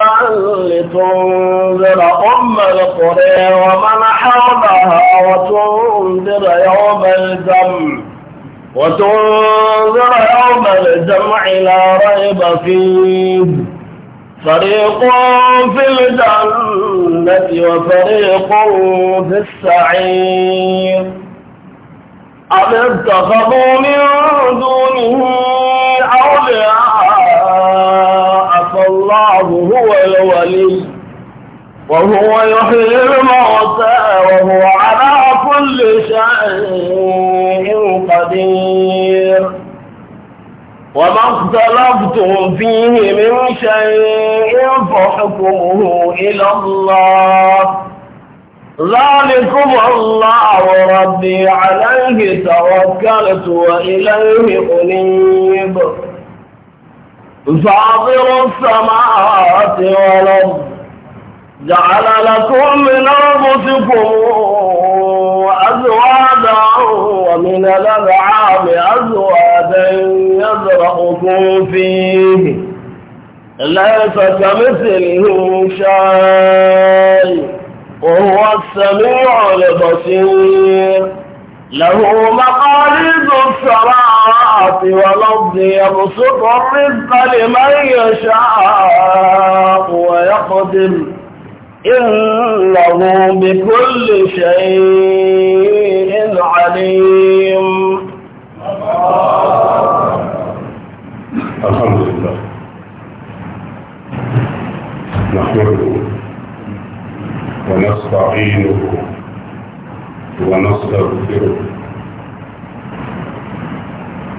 لتنذر أم القرى ومن حولها وتنذر يوم الجمع وتنذر يوم الجمع لا ريب فيه فريق في الجنة وفريق في السعير أم اتخذوا من دونه أولياء الله هو الولي وهو يحيي الموتى وهو على كل شيء قدير وما اختلفتم فيه من شيء فحكمه إلى الله ذلكم الله ربي عليه توكلت وإليه أنيب فاطر السماوات والأرض جعل لكم من أنفسكم أزواجا ومن الأنعام أزواجا يزرعكم فيه ليس كمثله شيء وهو السميع البصير له مقاليد السماوات السماوات والأرض يبسط الرزق لمن يشاء ويقدر إنه بكل شيء عليم الحمد لله نحمده ونستعينه ونستغفره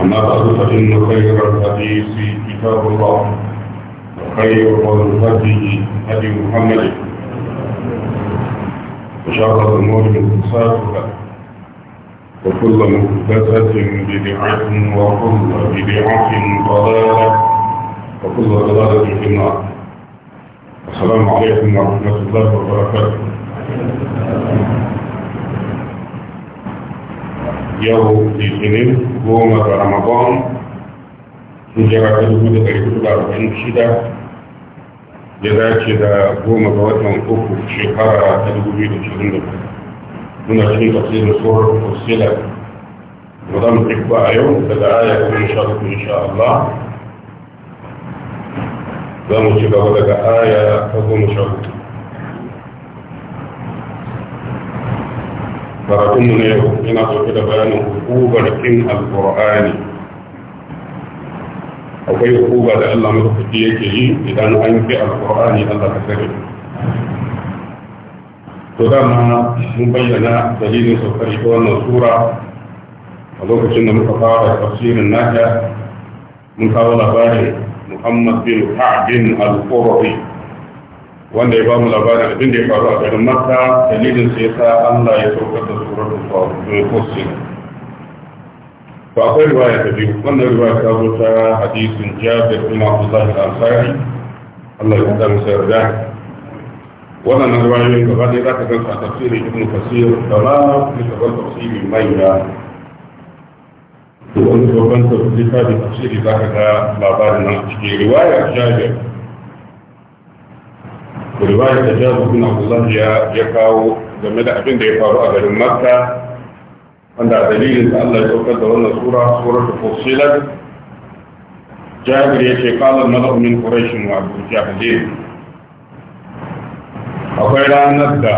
أما بعد فإن خير الحديث كتاب الله وخير الهدي هدي محمد وشر الأمور مختصاتها وكل مختصة بدعة وكل بدعة ضلالة وكل ضلالة في النار السلام عليكم ورحمة الله وبركاته yau litinin goma ga ramadan jara ta dubu da ɗari hudu da arba'in shida ya dace da goma ga watan uku shekara ta dubu biyu da ashirin da biyu muna cikin da tsohon wasila ba za mu tafi a yau daga aya ta insha Allah insha Allah za mu ci gaba daga aya ta goma sha hudu فرقم من يقفنا فقد بيان حقوبة لكن القرآن أو في حقوبة لألا مرفتية جي إذا نعين في القرآن ألا تسرق تدام مبينا دليل سفرق والنصورة أدوك شن مفقارة تفسير النهاية من قول محمد بن كعب القرآن wanda ya ba mu labarin abin da ya faru a garin makka dalilin sai sa Allah ya saukar da suratul Ba a akwai riwaya ta biyu wannan riwaya ta zo ta hadisin Jabir bin Abdullah al-Ansari Allah ya tsare sa da. wannan yin gaba ne za ka gansa a tafsirin Ibn Kasir da ma bisa ban tafsiri manya to wani babban tafsiri ta tafsiri za ka ga labarin nan cikin riwaya, Jabir riwaya da jabu bin abdullah ya ya kawo game da abin da ya faru a garin makka wanda a dalilin da Allah ya saukar da wannan sura suratul fusilat jabir ce qala mala'u min quraish wa abu jahl akwai ranar da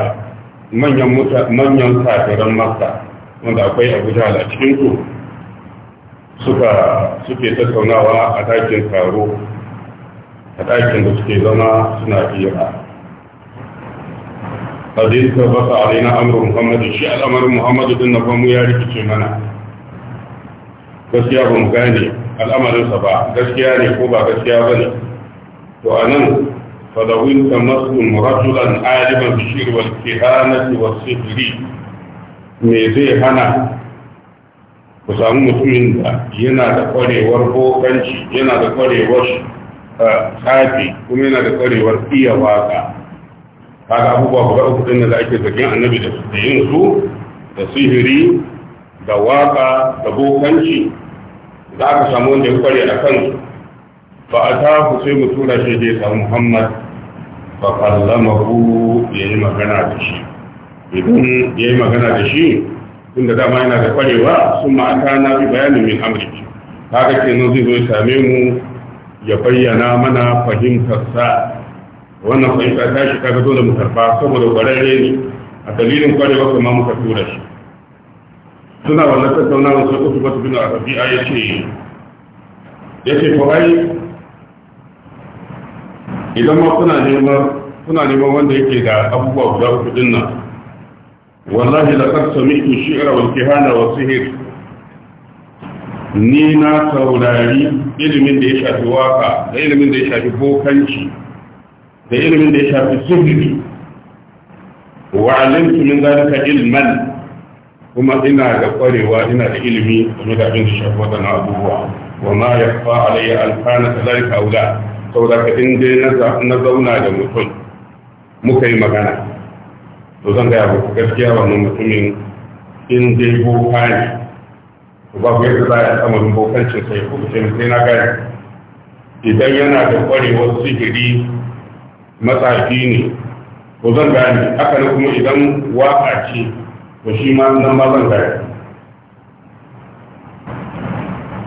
manyan manyan kafiran makka wanda akwai abu jahl a cikin su suka suke tattaunawa a dakin taro a dakin da suke zama suna fira قد ثبت علينا امر محمد shi الامر محمد din na famu ya rikice mana gaskiya ba mu gane al'amarinsa ba gaskiya ne ko ba gaskiya ba ne to anan, nan fadawin ta masun rajulan aliban bishir wal kihanati wa sihiri me zai hana ku samu mutumin da yana da kwarewar bokanci yana da kwarewar tsafi kuma yana da kwarewar iya waka kaga abubuwa guda uku din da ake zargin annabi da yin su da sihiri da waka da bokanci da aka samu wanda ya kware a kan fa ku sai mu tura shi da ya Muhammad fa kallamahu ya yi magana da shi idan ya yi magana da shi tunda dama yana da kwarewa sun ta na bi bayanin min amri kaga kenan zai zo ya same mu ya bayyana mana fahimtarsa wannan fahimta ta shi kaga da mu karba saboda kwararre ne a dalilin kwarewa kuma muka tura shi suna wannan tattaunawa sai uku ba su bin arabiya ya ce ya ce to ai idan ma kuna neman kuna neman wanda yake da abubuwa guda uku din nan wallahi laqad sami'tu shi'ra wal kihana wa sihir ni na saurari ilimin da ya shafi waka da ilimin da ya shafi bokanci da ilimin da ya shafi zuhuri wa alimtu min zalika ilman kuma ina da kwarewa ina da ilimi game da abin da shafi wadannan abubuwa wa ma yakfa alayya alfana kadhalika aula saboda ka in dai na zauna da mutum muka yi magana to zan gaya muku gaskiya wannan mutumin in dai boka ne babu yadda za a samarin bokancin sai ko sai na gaya idan yana da kwarewar sihiri matsafi ne ko zan gane haka na kuma idan waka ce ko shi ma nan ma zan gane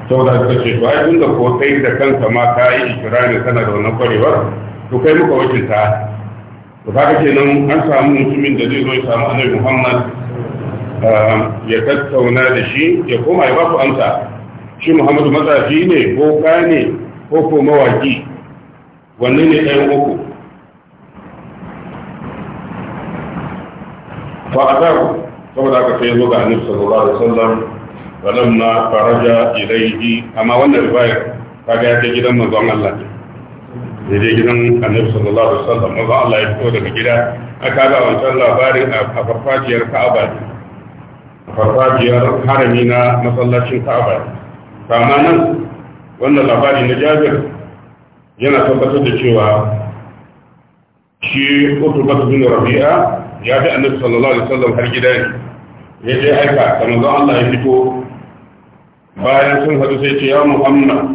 saboda suka ce ba ai da ko sai da kanka ma ka yi ikirari kana da wannan kwarewar to kai muka wakilta to kaga nan, an samu mutumin da zai zo ya samu annabi Muhammad um, ya tattauna da shi ya koma ya ba ku amsa shi Muhammadu matsafi ne ko ka ne ko ko mawaki wanne ne ɗayan uku fa ataku saboda aka sai zo ga annabi sallallahu alaihi wasallam walamma faraja ilayhi amma wannan riwayar kaga ya kai gidan manzon Allah ne ya je gidan annabi sallallahu alaihi wasallam manzon Allah ya fito daga gida aka ga wancan labarin a farfajiyar Ka'aba ne farfajiyar harami na masallacin Ka'aba kama nan wannan labari na Jabir yana tabbatar da cewa shi Utbah bin Rabi'a ya bi annabi sallallahu alaihi wasallam har gida ne ya je aika da manzon Allah ya fito bayan sun hadu sai ce ya Muhammad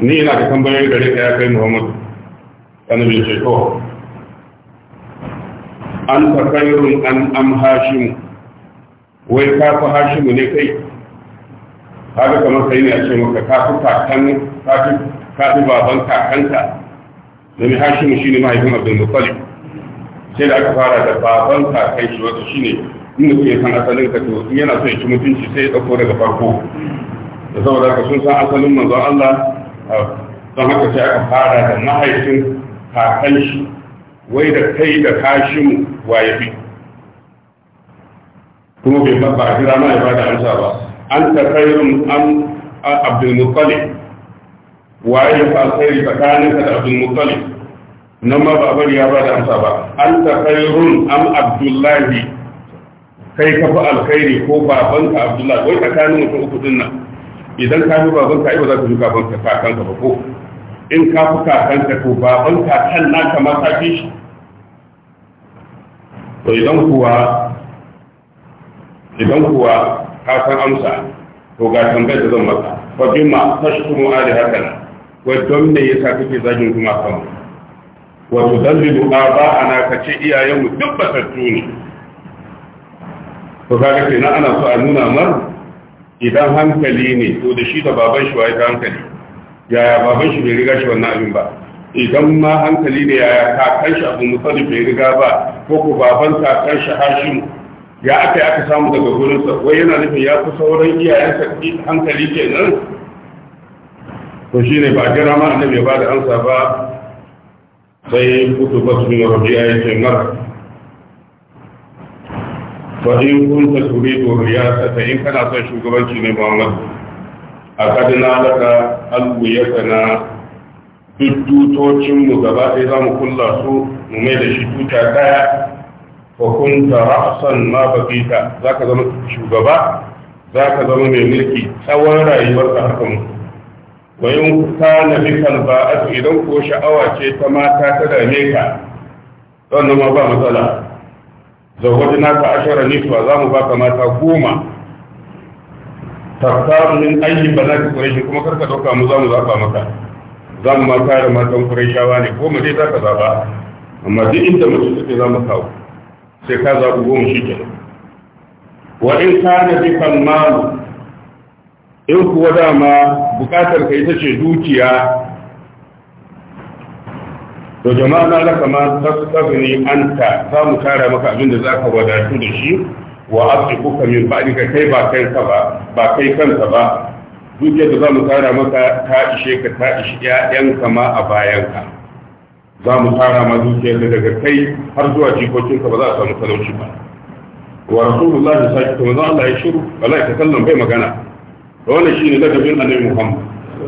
ni ina da tambayoyi gare ka ya kai Muhammad annabi ya ce to an ta khairun an am hashim wai ka fa hashimu ne kai haka kamar kai ne a ce maka ka fi kakan ka fi baban kakanka domin hashimu shine mahaifin Abdul Muttalib sai da aka fara da baban ka kai shi wato shine inda mutum ya san asalin ka to in yana son ya ci mutunci sai ya dauko daga farko da saboda ka sun san asalin manzo Allah don haka sai aka fara da mahaifin kakan shi wai da kai da kashin waye bi kuma bai ba a kira ma ya bada amsa ba an ta khairun am abdul muttalib waye fa alkhairi tsakaninka da abdul muttalib nan ma ba bari ya ba da amsa ba an ta khairun am abdullahi kai ka fi alkhairi ko babanka abdullahi wai tsakanin mutum uku din nan idan ka fi babanka ai ba za ka fi babanka kakanka ba ko in ka fi kakanka to baban kakan ka ma ka fi shi to idan kuwa idan kuwa ka san amsa to ga tambayar da zan maka fa bima tashkuru ali hakan wai don me yasa kake zagin kuma kanmu wa tudallilu aba'ana kace iyayen mu duk batattu ne to kaga kenan ana so a nuna mar idan hankali ne to da shi da baban shi wai hankali yaya baban shi bai riga shi wannan abin ba idan ma hankali ne yaya kakan shi abu da bai riga ba ko ko baban kakan shi hashim ya aka aka samu daga gurinsa wai yana nufin ya fi sauran iyayen iyayensa hankali kenan to shine ba jira ma annabi ya bada amsa ba sai kutu ba su yi ya ce mara fa in kunta ya sata in kana son shugabanci ne Muhammad akad na laka albu yakana duk tutocin mu gaba ɗaya za mu kulla su mu mai da shi tuta daya kun ta ra'san ma Za ka zama shugaba Za ka zama mai mulki tsawon rayuwarka haka mu wa yin kana ba a idan ko sha'awa ce ta mata ta dame ka wannan ma ba matsala na ka ashirar niswa za mu baka mata goma tattar min ayyin banati quraish kuma karka dauka mu za mu zaba maka za mu mata da matan quraishawa ne ko mu dai za ka zaba amma duk inda mutum suke za mu kawo sai ka zaɓi goma shi ke wa in kana bikal malu in kuwa dama bukatar ka ita ce dukiya to jama'a na laka ma tasqafni anta za mu tara maka abin da ka wadatu da shi wa asibuka min ka kai ba kai ka ba ba kai kanka ba dukiya da za mu tara maka ta ishe ka ta ishe ka ma a bayan ka. za mu tara ma dukiya da daga kai har zuwa jikokin ka ba za a samu talauci ba wa rasulullahi sallallahu alaihi wasallam Allah ya shiru wallahi ta kallon bai magana da wannan shine ladabin annabi Muhammad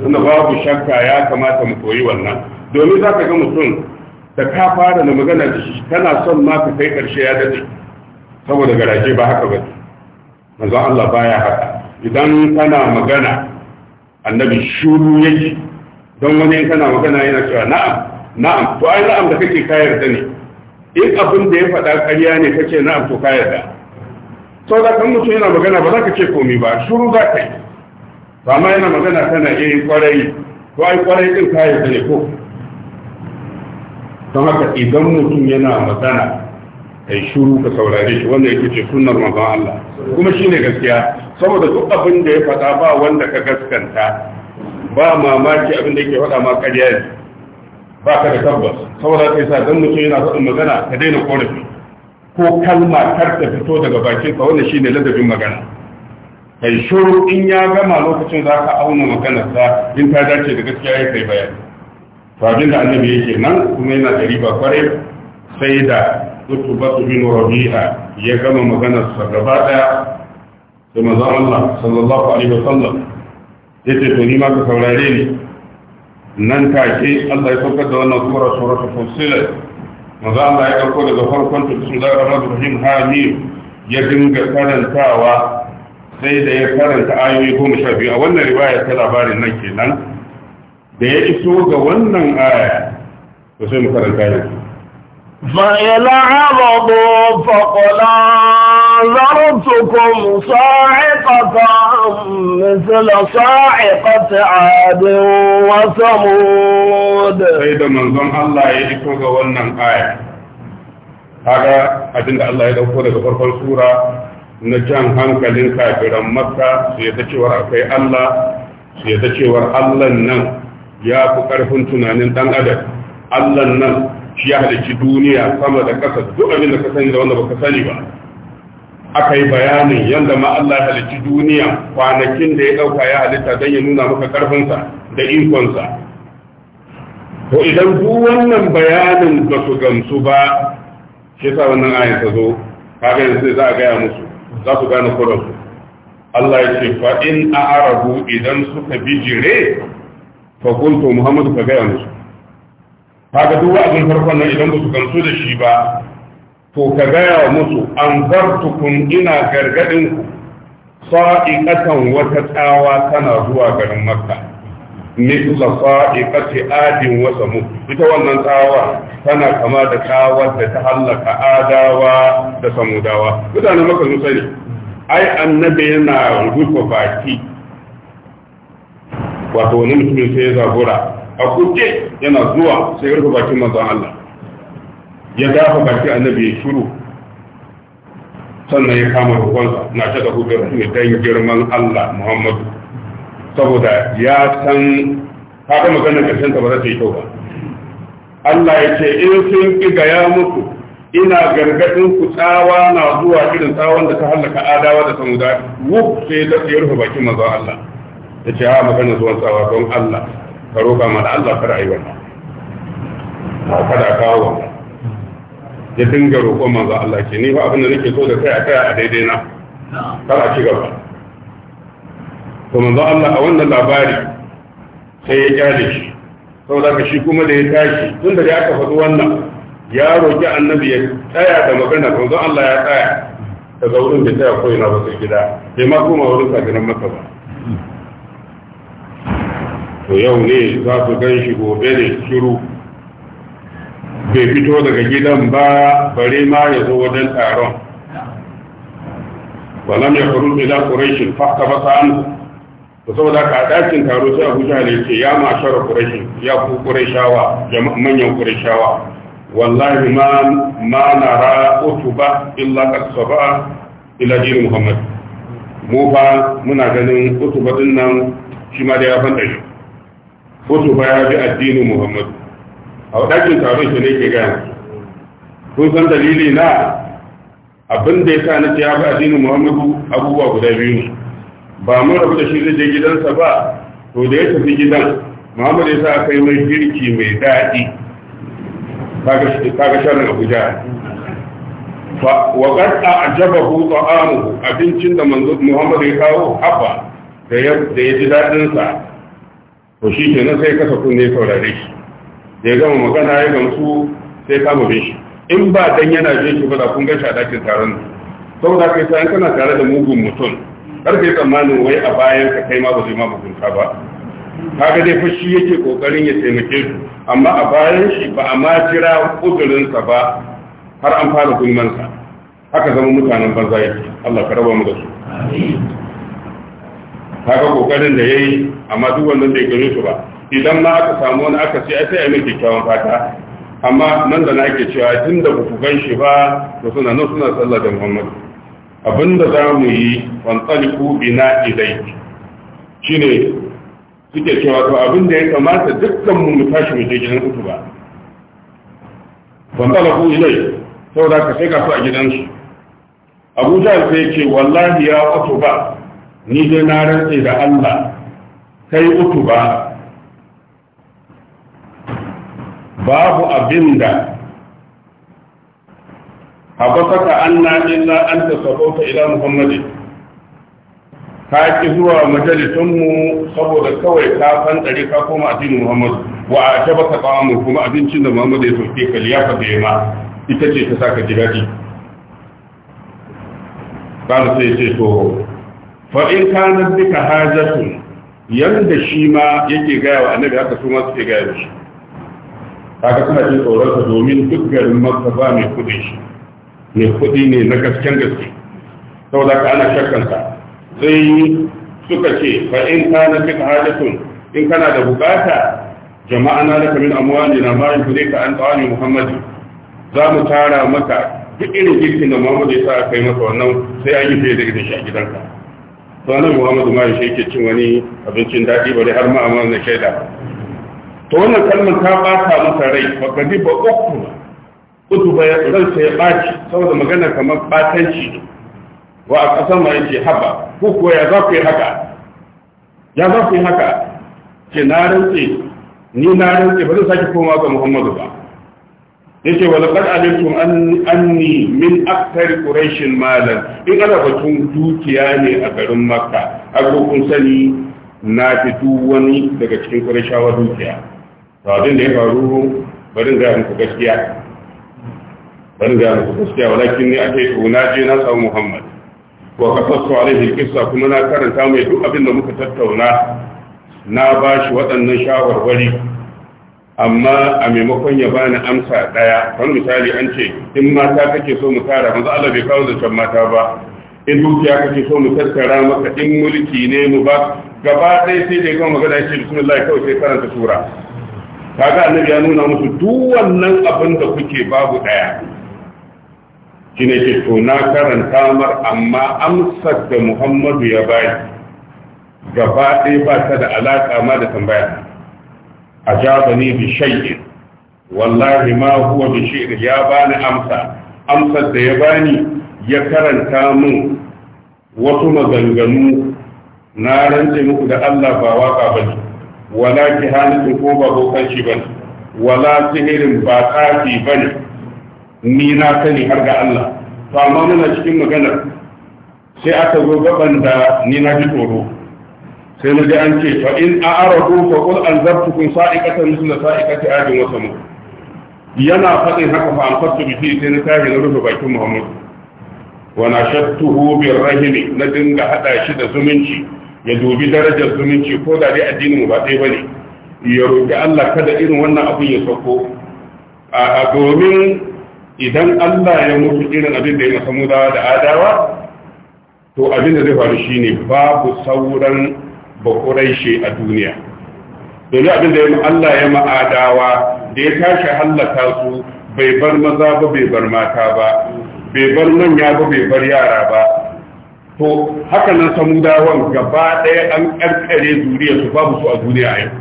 tunda babu shakka ya kamata mu koyi wannan domin za ka ga mutum da ka fara da magana da shi kana son ma ka kai karshe ya dade saboda garaje ba haka bane manzo Allah baya haka idan kana magana annabi shuru yake don wani kana magana yana cewa na'am na'am to ai na'am da kake ka yarda ne in abin da ya faɗa ƙarya ne kace na'am to ka yarda to da kan mutum yana magana ba za ka ce komai ba shuru za ka yi ba ma yana magana tana iya yi kwarai ko ai kwarai din ka yi ne ko don haka idan mutum yana magana kai shuru ka saurare shi wanda yake ce sunnar manzon Allah kuma shine gaskiya saboda duk abin da ya faɗa ba wanda ka gaskanta ba mamaki abin da yake faɗa ma ƙarya ne ba ka da tabbas saboda kai sa dan mutum yana faɗin magana ka daina korafi ko kalma kar ta fito daga bakin ka wannan shine ladabin magana kai shuru in ya gama lokacin za ka auna maganarsa in ta dace da gaskiya ya kai bayani to abin da annabi yake nan kuma yana da riba kwarai sai da batu bin rabi'a ya gama maganarsa gaba daya sai manzo Allah sallallahu alaihi wasallam yace to ni ma ka saurare ni nan take Allah ya saukar da wannan sura suratul fusilat manzo Allah ya dauko daga farkon ta bismillahir rahmanir rahim hamim ya dinga karantawa Sai da ya karanta ayoyi ko biyu a wannan riwaya ta labarin nan ke nan da ya iso ga wannan aya ba sai mu karanta ni. Mai na hababu faɗu na lantarku musa'ifa kan, masu lafsa'ifa su abin Sai da manzon Allah ya iɗiso ga wannan aya. Haka abin da Allah ya gabato daga farkon sura. na jan hankalin kafiran makka su yadda cewar akwai allah su yadda cewar allah nan ya fi karfin tunanin dan adam allah nan shi ya halicci duniya sama da ƙasa duk abin da ka sani da wanda ba ka sani ba aka yi bayanin yadda ma Allah ya halicci duniya kwanakin da ya ɗauka ya halitta don ya nuna maka ƙarfinsa da ikonsa to idan duk wannan bayanin ba su gamsu ba shi sa wannan ayin ta zo kaga yanzu za a gaya musu za su gane kuransu Allah ya ce fa in a'rabu idan suka bijire fa kuntu Muhammadu ka gaya musu kaga duk wa'azin farkon nan idan ba su gamsu da shi ba to ka gaya musu an zartukun ina gargadin ku sa'iqatan wata tsawa tana zuwa garin Makka mithla sa'iqati adin wa samud ita wannan tsawar. tana kama da kawar da ta hallaka adawa da samudawa mutanen maka sun sani ai annabi yana rufe baki wato wani mutumin sai ya zagora a kuke yana zuwa sai ya rufe bakin manzon Allah ya dafa baki annabi ya shiru sannan ya kama rukunsa na ta da hudu ne dan girman Allah Muhammadu saboda ya san ta ga maganar karshen ta ba za ta yi kyau ba Allah ya ce in sun ki gaya muku ina gargadin ku tsawa na zuwa irin tsawon da ta hallaka adawa da samuda Wuk sai da ya rufe bakin manzo Allah ya ce a magana zuwan tsawa don Allah ka roƙa mana Allah kada a yi wannan kada a kawo wannan ya dinga roƙon manzo Allah ke ni ba abin da nake so da kai a kai a daidai na Kada a ci gaba to manzo Allah a wannan labari sai ya kyale shi saboda ka shi kuma da ya tashi tun da aka faɗi wannan ya roƙi annabi ya tsaya da magana kan zan Allah ya tsaya daga zaurin da tsaya koyi na wasu gida bai ma koma wurin kafinan maka ba to yau ne za su gan shi gobe da shiru bai fito daga gidan ba bare ma ya zo wajen taron ولم يخرج إلى قريش فاحتبس عنه to saboda ka dakin taro sai Abu Jahl ya ce ya mashar Quraish ya ku Qurayshawa manyan ƙurashawa. wallahi ma ma nara utuba illa qad saba ila din Muhammad mu ba muna ganin utuba din nan shi ma da ya fanta shi utuba ya bi addinin Muhammad a dakin taro shi ne ke gani kun san dalili na abin da ya sa na ce ya bi addinin Muhammad abubuwa guda biyu ba mun rabu da shi zai je gidansa ba to da ya tafi gidan Muhammad ya sa aka yi mai girki mai daɗi kaga sharrin Abuja wa qad a'jabahu ta'amuhu abincin da manzo Muhammad ya kawo abba da ya da ya ji daɗin sa to shi nan sai kasa kunne saurare shi da ya gama magana ya gamsu sai kama bin shi in ba dan yana jin shi ba da kun ga shi a dakin taron saboda kai sai kana tare da mugun mutum karfe tsammanin wai a bayan ka kai ma ba zai ma mutunta ba kaga dai fashi yake kokarin ya taimake su amma a bayan shi ba a ma jira uzurinsa ba har an fara gulmansa haka zama mutanen banza yake Allah ka raba mu da su kaga kokarin da yayi amma duk wannan bai gare su ba idan ma aka samu wani aka ce ai sai yi mai kyakkyawan fata amma nan da na ake cewa tunda ba ku gan shi ba to suna nan suna sallah da Muhammadu abinda za mu yi wantsaliku bina idai shine suke cewa to abinda ya kamata dukkan mu mu tashi mu je gidan utuba ku ilai saboda ka sai ka so a gidansu abu jahal sai ce wallahi ya ba ni dai na rantse da Allah kai ba. babu abinda habasaka anna illa anta sabauta ila muhammadi ka ki zuwa majalisunmu saboda kawai ka san ɗari ka koma addinin muhammad wa a jaba ka kuma abincin da muhammad ya sauke ka liyafa da yamma ita ce ta saka kana sai ce yanda shi ma yake gaya wa annabi haka su ma suke gaya shi haka suna jin tsoron domin duk garin makka ba mai kudin shi mai kuɗi ne na gasken gaske saboda ka ana shakkansa sai suka ce fa in kana fi hajatun in kana da bukata jama'a na laka min amwali na ma yuzu ka an tsawani muhammadi za mu tara maka duk irin girkin da muhammadu ya sa aka yi masa wannan sai an yi fiye da gidan shi a gidanka to nan muhammadu ma yaushe yake cin wani abincin daɗi bare har ma amma na shaida to wannan kalmar ta ɓata masa rai fa gadi ba uku kutu ba ransa ya ɓaci saboda magana kamar ɓatanci ne wa a ƙasar ma yake haba ko kuwa ya za ku yi haka ya za ku yi haka ce na rantse ni na rantse ba zan sake koma ga muhammadu ba yace wa laqad alaikum anni min akthar quraish malan in ana batun dukiya ne a garin makka abu kun sani na fito wani daga cikin qurayshawa dukiya to abin da ya faru barin ga muku gaskiya ban ku gaskiya walakin ni ake na je na samu muhammad wa kasastu alaihi alqissa kuma na karanta mai duk abin da muka tattauna na bashi waɗannan shawarwari amma a maimakon ya bani amsa daya kan misali an ce in mata kake so mu tara manzo Allah bai kawo zancen mata ba in dukiya kake so mu tattara maka in mulki ne mu ba gaba ɗaya sai dai kuma magana ce bismillah kawai sai karanta sura kaga annabi ya nuna musu duk wannan abin da kuke babu ɗaya. shi ne ce na karanta mar amma amsar da muhammadu ya bayi gaba ɗaya ba ta da alaƙa ma da tambaya a jaba ni bi shay'in wallahi ma huwa bi shi'r ya bani amsa amsar da ya bani ya karanta min wasu maganganu na rance muku da Allah ba waka ba ne, wala kihanatu ko ba bokanci ne, wala sihirin ba ba ne. ni na sani har ga Allah to amma muna cikin maganar sai aka zo gaban da ni na ji tsoro sai na ji an ce fa in a aradu fa qul anzartukum sa'iqatan mithla sa'iqati 'adin wa samud yana faɗin haka fa an fasu bi sai na tashi na rufe bakin Muhammad wa nashattuhu bir rahim na dinga hada shi da zumunci ya dubi darajar zumunci ko da dai addinin mu ba dai bane ya roki Allah kada irin wannan abin ya sako a domin idan Allah ya mutu irin abin da ya samu da adawa to abin da zai faru shine babu sauran shi a duniya domin abin da ya Allah ya ma'adawa da ya tashi hallaka su bai bar maza ba bai bar mata ba bai bar manya ba bai bar yara ba to haka nan samudawan gaba ɗaya an ƙarƙare zuriya su babu su a duniya yau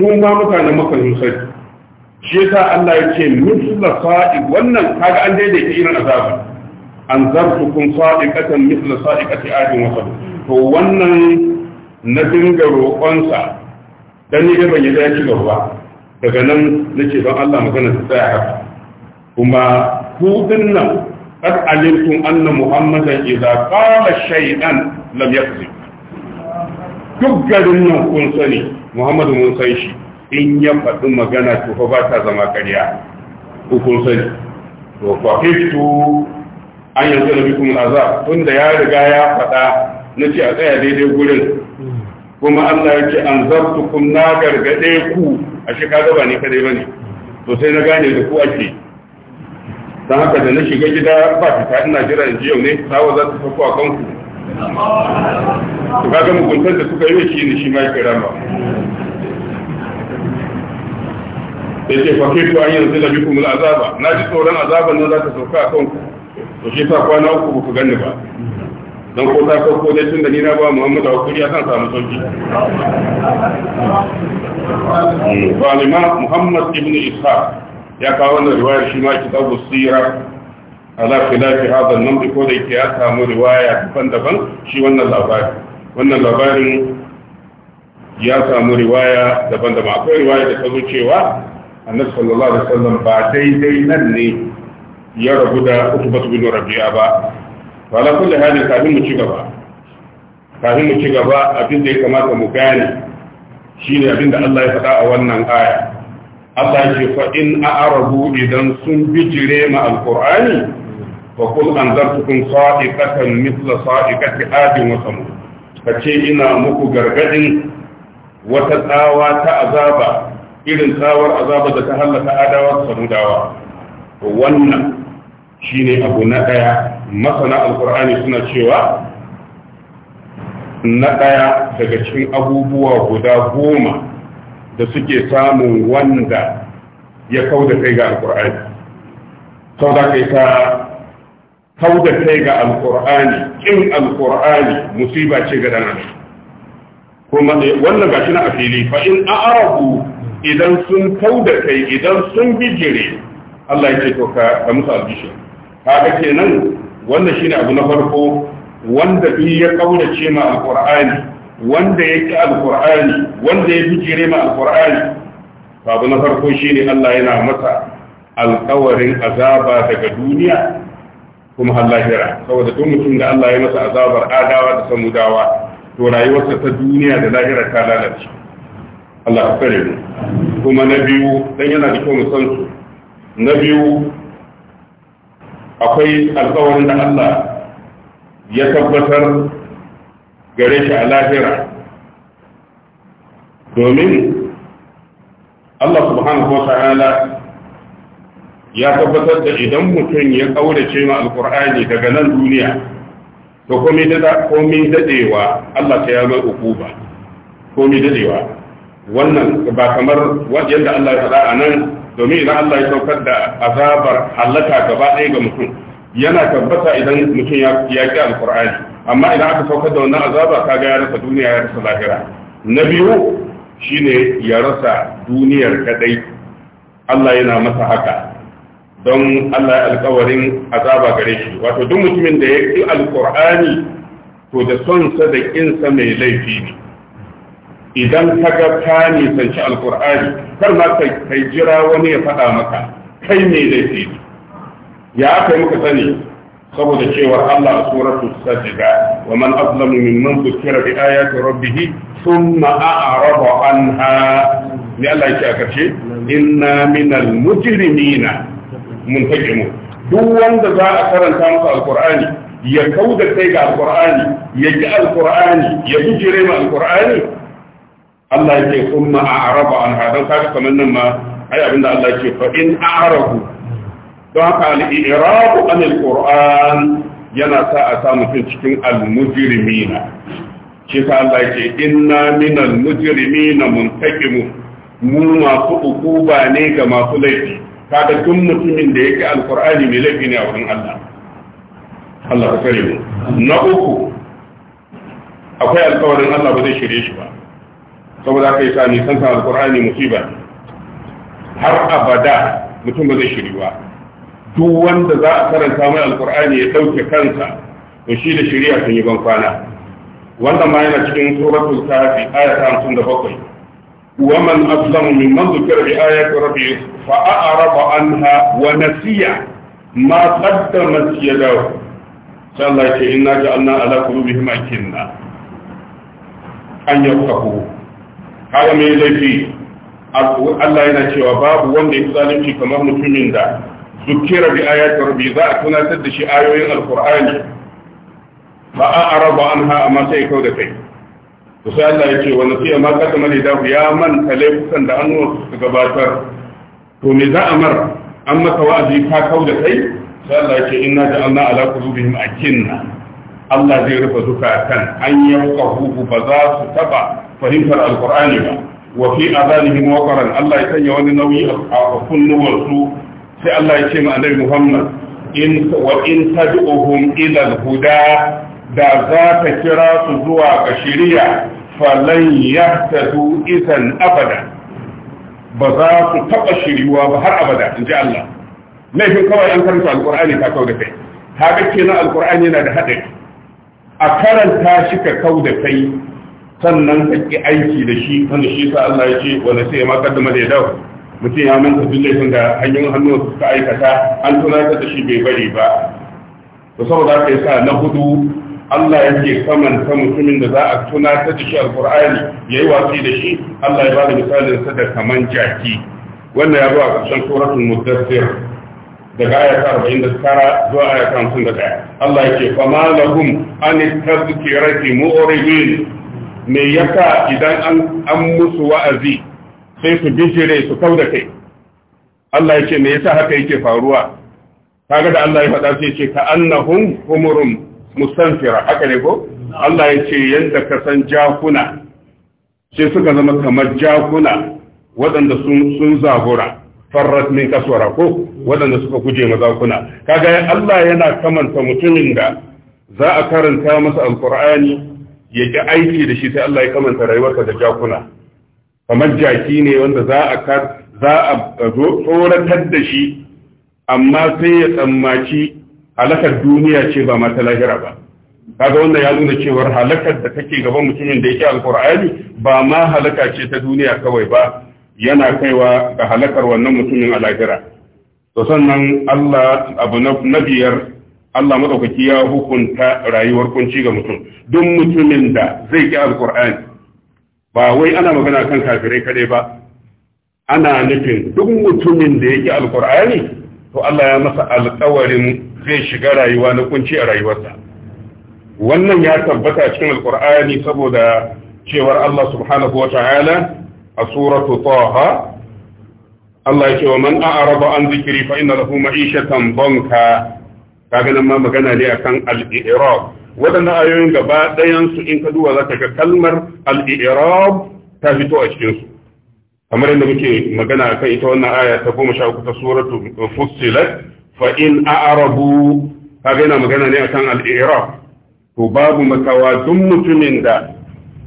su ma mutanen makan shi yasa Allah yake misla sa'i wannan kaga an daidaita irin azabi an zartukum sa'iqatan misla sa'iqati adin wa sabr to wannan na dinga roƙon sa dan ni da ban yi da ci gaba daga nan nace don Allah magana ta tsaya haka kuma ku dinnan qad alimtum anna muhammadan idza qala shay'an lam yakzib duk garin nan kun sani muhammadu mun san shi in ya faɗi magana to fa ba ta zama ƙarya hukun sani to fa fiftu an yanzu da bikin azab tunda ya riga ya faɗa na ce a tsaya daidai gurin kuma Allah ya ce an zartukum na gargaɗe ku a shi ka gaba ne kadai bane to sai na gane da ku ake don haka da na shiga gida ba fita ina jira in ji yau ne sawa za ta fako a kanku to kaga muguntar da suka yi shi ne shi ma ya kira ba sai ce fa kai to an yanzu da bikum azaba na ji tsoron azaban nan za ta sauka a kanku to shi sa kwana uku ba ku ganni ba don ko ta ko dai tun da ni na ba Muhammadu hakuri ya san samu sauki Balima Muhammad ibn Isha ya kawo wannan riwayar shi ma kitabu sira ala khilafi hadha an-namr ko da yake ya samu riwaya daban-daban shi wannan labari wannan labarin ya samu riwaya daban-daban akwai riwaya da ta zo cewa annabi sallallahu alaihi wasallam ba daidai nan ne ya rabu da utubatu bin rabi'a ba Ba ala kulli halin kafin mu ci gaba kafin mu ci gaba abin da ya kamata mu gane shine abin da Allah ya faɗa a wannan aya Allah ya ce fa in a'rabu idan sun bijire ma alqur'ani fa qul anzartukum sa'iqatan mithla sa'iqati adin wa samud kace ina muku gargadin wata tsawa ta azaba irin tsawar azaba da ta hallaka adawa da samudawa wannan ne abu na ɗaya masana alqur'ani suna cewa na ɗaya daga cikin abubuwa guda goma da suke samun wanda ya da kai ga Sau da kai ta da kai ga alqur'ani ƙin alqur'ani musiba ce ga dana kuma eh, wannan shi na a fili fa in arahu. idan sun kau da kai idan sun bijire Allah ya ce to ka musu albishir kaga kenan wannan ne abu na farko wanda in ya kaurace ma alqur'ani wanda ya ki alqur'ani wanda ya bijire ma alqur'ani to abu na farko shine Allah yana masa alƙawarin azaba daga duniya kuma har lahira saboda duk mutum da Allah ya masa azabar adawa da samudawa to rayuwarsa ta duniya da lahira ta lalace Allah kare mu kuma na biyu dan yana da kyau mu san su na biyu akwai alƙawarin da Allah ya tabbatar gare shi a lahira domin Allah subhanahu wa ta'ala ya tabbatar da idan mutum ya kaurace ma Alƙur'ani daga nan duniya to komai dadewa Allah ta ya mai ukuba komai dadewa wannan ba kamar yadda Allah ya faɗa a nan domin idan Allah ya saukar da azabar halaka gaba ɗaya ga mutum yana tabbata idan mutum ya ƙi alƙur'ani amma idan aka saukar da wannan azaba kaga ya rasa duniya ya rasa lahira na biyu shine ya rasa duniyar kadai Allah yana masa haka don Allah ya alƙawarin azaba gare shi wato duk mutumin da ya ƙi alƙur'ani to da sonsa da ƙinsa mai laifi ne idan ka ga ka nisanci alkur'ani kar ma kai jira wani ya faɗa maka kai ne laifi ya aka yi muka sani saboda cewar Allah a suratul sajda wa man azlamu mimman dhukira bi ayati rabbih thumma a'rada anha Ni Allah yake aka inna minal mujrimina muntaqimu duk wanda za a karanta masa alkur'ani ya kauda kai ga alkur'ani ya ji alkur'ani ya bijire ma alqur'ani Allah yake umma a'raba an hadan kaga kamar nan ma ai abinda Allah yake fa in a'rabu don haka al-i'rabu an al-qur'an yana sa a samu cikin al-mujrimina shi ka Allah yake inna al mujrimina muntaqimu mu masu ukuba ne ga masu laifi kada duk mutumin da yake al-qur'ani mai laifi ne a wurin Allah Allah ka kare mu na uku akwai alƙawarin Allah ba zai shirye shi ba saboda haka yasa ni san alqur'ani musiba har abada mutum ba zai shiri ba duk wanda za a karanta mai alkur'ani ya dauke kansa to shi da shari'a sun yi ban kwana wannan ma yana cikin suratul kafi aya 57 ومن أظلم ممن ذكر بآيات ربه فأعرض عنها ونسي ما قدمت يداه صلى الله عليه إنا جعلنا على قلوبهم أكنا أن يفقهوا kaga mai laifi Allah yana cewa babu wanda ya zalunci kamar mutumin da zukira bi ayati rabbi za a tunatar da shi ayoyin alqur'ani fa a'rada anha amma sai kau da kai to sai Allah ya ce wa nasiya ma qadama li dahu ya man kusan da hannu su gabatar to me za a mar an masa wa'azi ka kau da kai sai Allah ya ce inna ja'alna ala qulubihim akinna Allah zai rufe zukatan an yafqahu ba za su taba fahimtar alkur'ani ba wa fi azanihim waqaran Allah ya sanya wani nauyi a kunnuwarsu sai Allah ya ce ma annabi Muhammad in wa in tad'uhum ila al-huda da za ta kira su zuwa ga shari'a falan yahtadu idan abada ba za su taba shiriwa ba har abada inji Allah laifin kawai an karanta alkur'ani ka kau da kai haka kenan alkur'ani yana da haɗari a karanta shi ka kau da kai sannan ka ki aiki da shi wanda shi sa Allah ya ce wanda sai ma kaddama da daidau? mutum ya manta duk laifin da hanyoyin hannu suka aikata an tunatar da shi bai bari ba to saboda haka yasa na hudu Allah yake ta mutumin da za a tunatar da shi alqur'ani yayi watsi da shi Allah ya bada misalin sa da kaman jaki wannan ya zo a cikin suratul muddathir daga aya ta 49 zuwa aya ta 51 Allah yake fama lahum an tazkirati mu'ridin me yaka idan an an musu wa'azi sai su bijire su kauda kai Allah yake me yasa haka yake faruwa kaga da Allah ya faɗa sai yake ka annahum humurum mustanfira haka ne ko Allah yake ce yanda ka san jakuna sai suka zama kamar jakuna waɗanda sun sun zabura farrat min kaswara ko waɗanda suka guje mazakuna kaga Allah yana kamanta mutumin da za a karanta masa alqur'ani ya ki aiki da shi sai Allah ya kamanta rayuwarsa da jakuna kamar jaki ne wanda za a za a tsoratar da shi amma sai ya tsammaci halakar duniya ce ba ma ta lahira ba kaga wannan ya nuna cewar halakar da take gaban mutumin da yake alkur'ani ba ma halaka ce ta duniya kawai ba yana kaiwa ga halakar wannan mutumin a lahira to sannan Allah abu na biyar Allah maɗaukaki ya hukunta rayuwar kunci ga mutum duk mutumin da zai ki alqur'ani ba wai ana magana kan kafirai kaɗai ba ana nufin duk mutumin da yake alqur'ani to Allah ya masa alƙawarin zai shiga rayuwa na kunci a rayuwarsa wannan ya tabbata cikin alqur'ani saboda cewar Allah subhanahu wa ta'ala a suratu taha Allah ya ce wa man a'rada an zikri fa inna lahu ma'ishatan banka kaga nan ma magana ne akan al-i'rab wadannan ayoyin gaba ɗayan su in ka duba zaka ga kalmar al-i'rab ta fito a cikin su kamar yadda muke magana akan ita wannan aya ta 13 ta suratu fussilat fa in a'rabu kaga yana magana ne akan al-i'rab to babu makawa duk mutumin da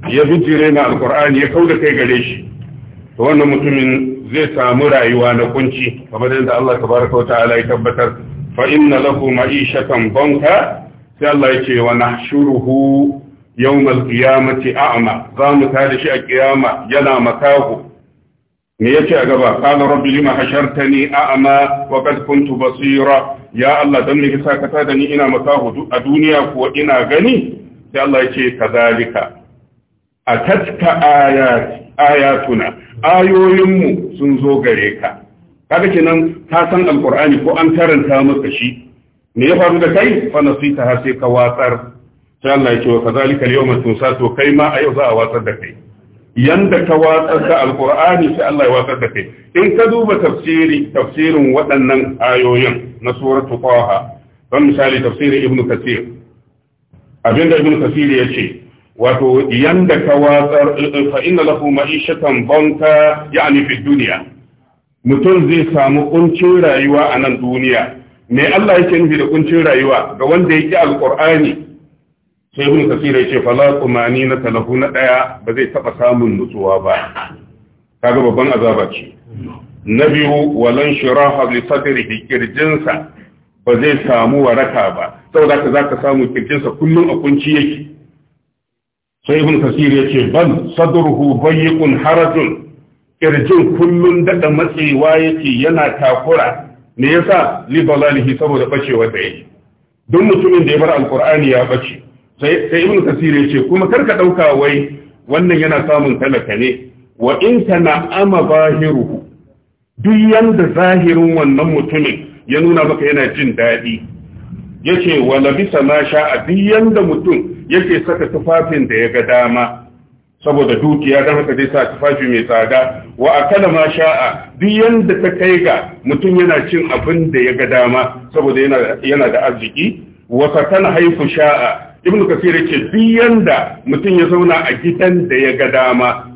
ya bijire na alqur'ani ya kauda kai gare shi to wannan mutumin zai samu rayuwa na kunci kamar yadda Allah tabaraka wa ta'ala ya tabbatar fa inna lahu ma'ishatan banka sai Allah yake wa nahshuruhu yawmal qiyamati a'ma za mu tada shi a kiyama yana makahu me yace a gaba qala rabbi lima hashartani a'ma wa qad kuntu basira ya Allah dan me kisa ka tada ni ina makahu a duniya ko ina gani sai Allah yake kadalika atatka ayatuna ayoyinmu sun zo gare ka kaga kenan ka san alqur'ani ko an karanta maka shi me ya faru da kai fa nasita har sai ka watsar sai Allah ya ce wa kazalika al-yawma tunsa to kai ma a yau za a watsar da kai yanda ka watsar da alqur'ani sai Allah ya watsar da kai in ka duba tafsiri tafsirin waɗannan ayoyin na suratu qaha dan misali tafsirin ibnu kathir abinda ibnu kathir ya ce wato yanda ka watsar fa inna lahu ma'ishatan banta yani fi dunya mutum zai samu kuncin rayuwa a nan duniya me Allah yake nufi da kuncin rayuwa ga wanda yake alqur'ani sai ibn kasir yace fala qumani na talahu na ɗaya ba zai taba samun nutsuwa ba kaga babban azaba ce na biyu walan shiraha li sadrihi kirjinsa ba zai samu waraka ba saboda ka zaka samu kirjinsa kullum a kunci yake sai ibn kasir yace bal sadruhu bayyiqun harajun kirjin kullum daɗa matsewa yake yana takura me yasa li dalalihi saboda bacewa da yake duk mutumin da ya bar alqur'ani ya bace sai ibnu kasir ce, kuma karka dauka wai wannan yana samun talaka ne wa in kana ama zahiruhu duk yanda zahirin wannan mutumin ya nuna maka yana jin daɗi yace wa labisa ma sha'a duk yanda mutum yake saka tufafin da ya ga dama saboda dukiya don haka zai sa tufafi mai tsada wa akala ma sha'a duk yanda ta kai ga mutum yana cin abin da ya ga dama saboda yana da arziki wa sakana haifu sha'a ibnu kasir yake duk yanda mutum ya zauna a gidan da ya ga dama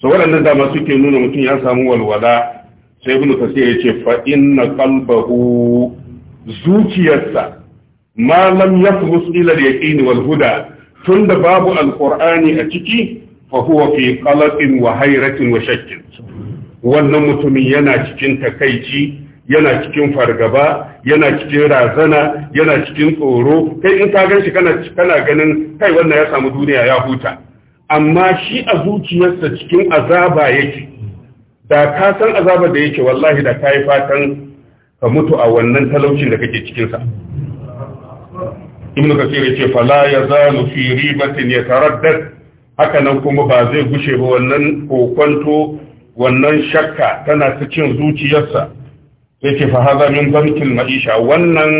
so waɗannan dama suke nuna mutum ya samu walwala sai ibnu kasir yace fa inna qalbahu zuciyarsa ma lam yafrus ila al-yaqin wal huda tunda babu alqur'ani a ciki fa huwa fi qalatin wa wannan mutumin yana cikin takaici yana cikin fargaba yana cikin razana yana cikin tsoro kai in ka ganshi kana kana ganin kai wannan ya samu duniya ya huta amma shi a zuciyarsa cikin azaba yake da ka san azaba da yake wallahi da kai fatan ka mutu a wannan talaucin da kake cikinsa. sa ibnu kasir yace fala ya yazalu fi ribatin yataraddad hakanan kuma ba zai gushe ba wannan kokwanto wannan shakka tana cikin zuciyarsa sai ce fa haza min zamkin ma'isha wannan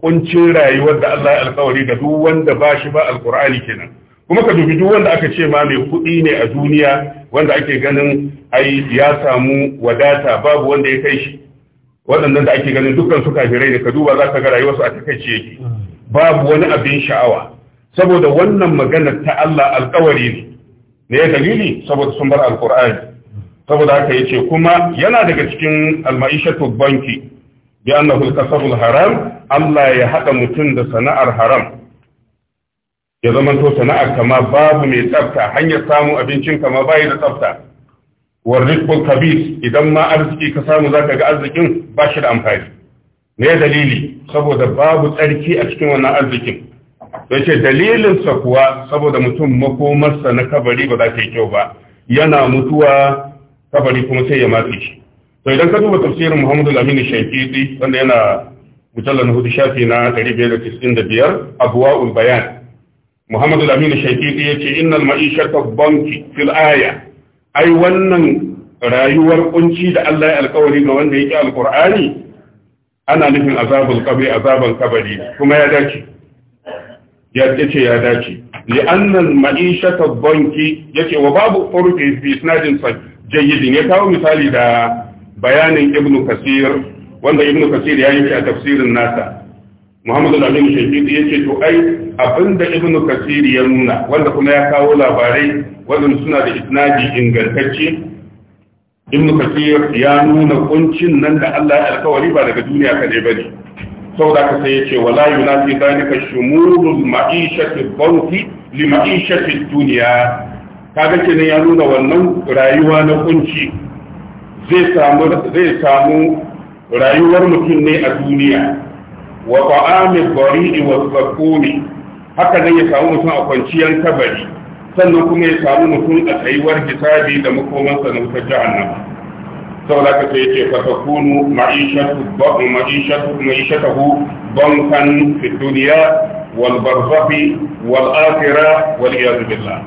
kuncin rayuwar da Allah ya alkawari da duk wanda ba shi ba alkur'ani kenan kuma ka dubi duk wanda aka ce ma mai kuɗi ne a duniya wanda ake ganin ai ya samu wadata babu wanda ya kai shi waɗannan da ake ganin dukkan su kafirai ne ka duba za ka ga rayuwarsu a takaice yake hmm. babu wani abin sha'awa saboda wannan maganar ta Allah alkawari ne ne dalili saboda sun bar alkur'ani saboda haka yace kuma yana daga cikin almaishatu banki bi annahu haram Allah ya hada mutum da sana'ar haram ya zama to sana'ar kama babu mai tsafta hanyar samun abincin kama bai da tsafta war rizqul idan ma arziki ka samu zaka ga arzikin ba shi da amfani ne dalili saboda babu tsarki a cikin wannan arzikin yace dalilin sa kuwa saboda mutum makomarsa na kabari ba za ta yi kyau ba yana mutuwa kabari kuma sai ya matsi shi to idan ka duba tafsirin Muhammadu Amin Shafi'i wanda yana mujallal na hudu shafi na 595 abwaul bayan Muhammadu Amin Shafi'i yace innal ma'ishata banki fil aya ai wannan rayuwar kunci da Allah ya alkawari ga wanda yake alqur'ani ana nufin azabul qabri azaban kabari kuma ya dace ya ce ya dace li'annan ma'ishata banki yace wa babu furqi fi isnadin jayyidin ya kawo misali da bayanin ibnu kasir wanda ibnu kasir ya yi a tafsirin nasa muhammadu al-amin shaykiti yace to ai abinda ibnu kasir ya nuna wanda kuma ya kawo labarai wanda suna da isnadi ingantacce ibnu kasir ya nuna kuncin nan da Allah ya alkawari ba daga duniya kadai bane saboda ka sai yace wala yunafi dalika shumulul ma'ishati dhawfi li ma'ishati dunya kaga kenan ya nuna wannan rayuwa na kunci zai samu zai samu rayuwar mutum ne a duniya wa ta'amil bari'i wa sakuni haka nan ya samu mutum a kwanciyar kabari sannan kuma ya samu mutum a tsayuwar hisabi da makomansa na wutar jahannama saboda ka sai ce fata kunu ma'ishatahu bankan fi duniya wal barzafi wal akhira wal iyadu billah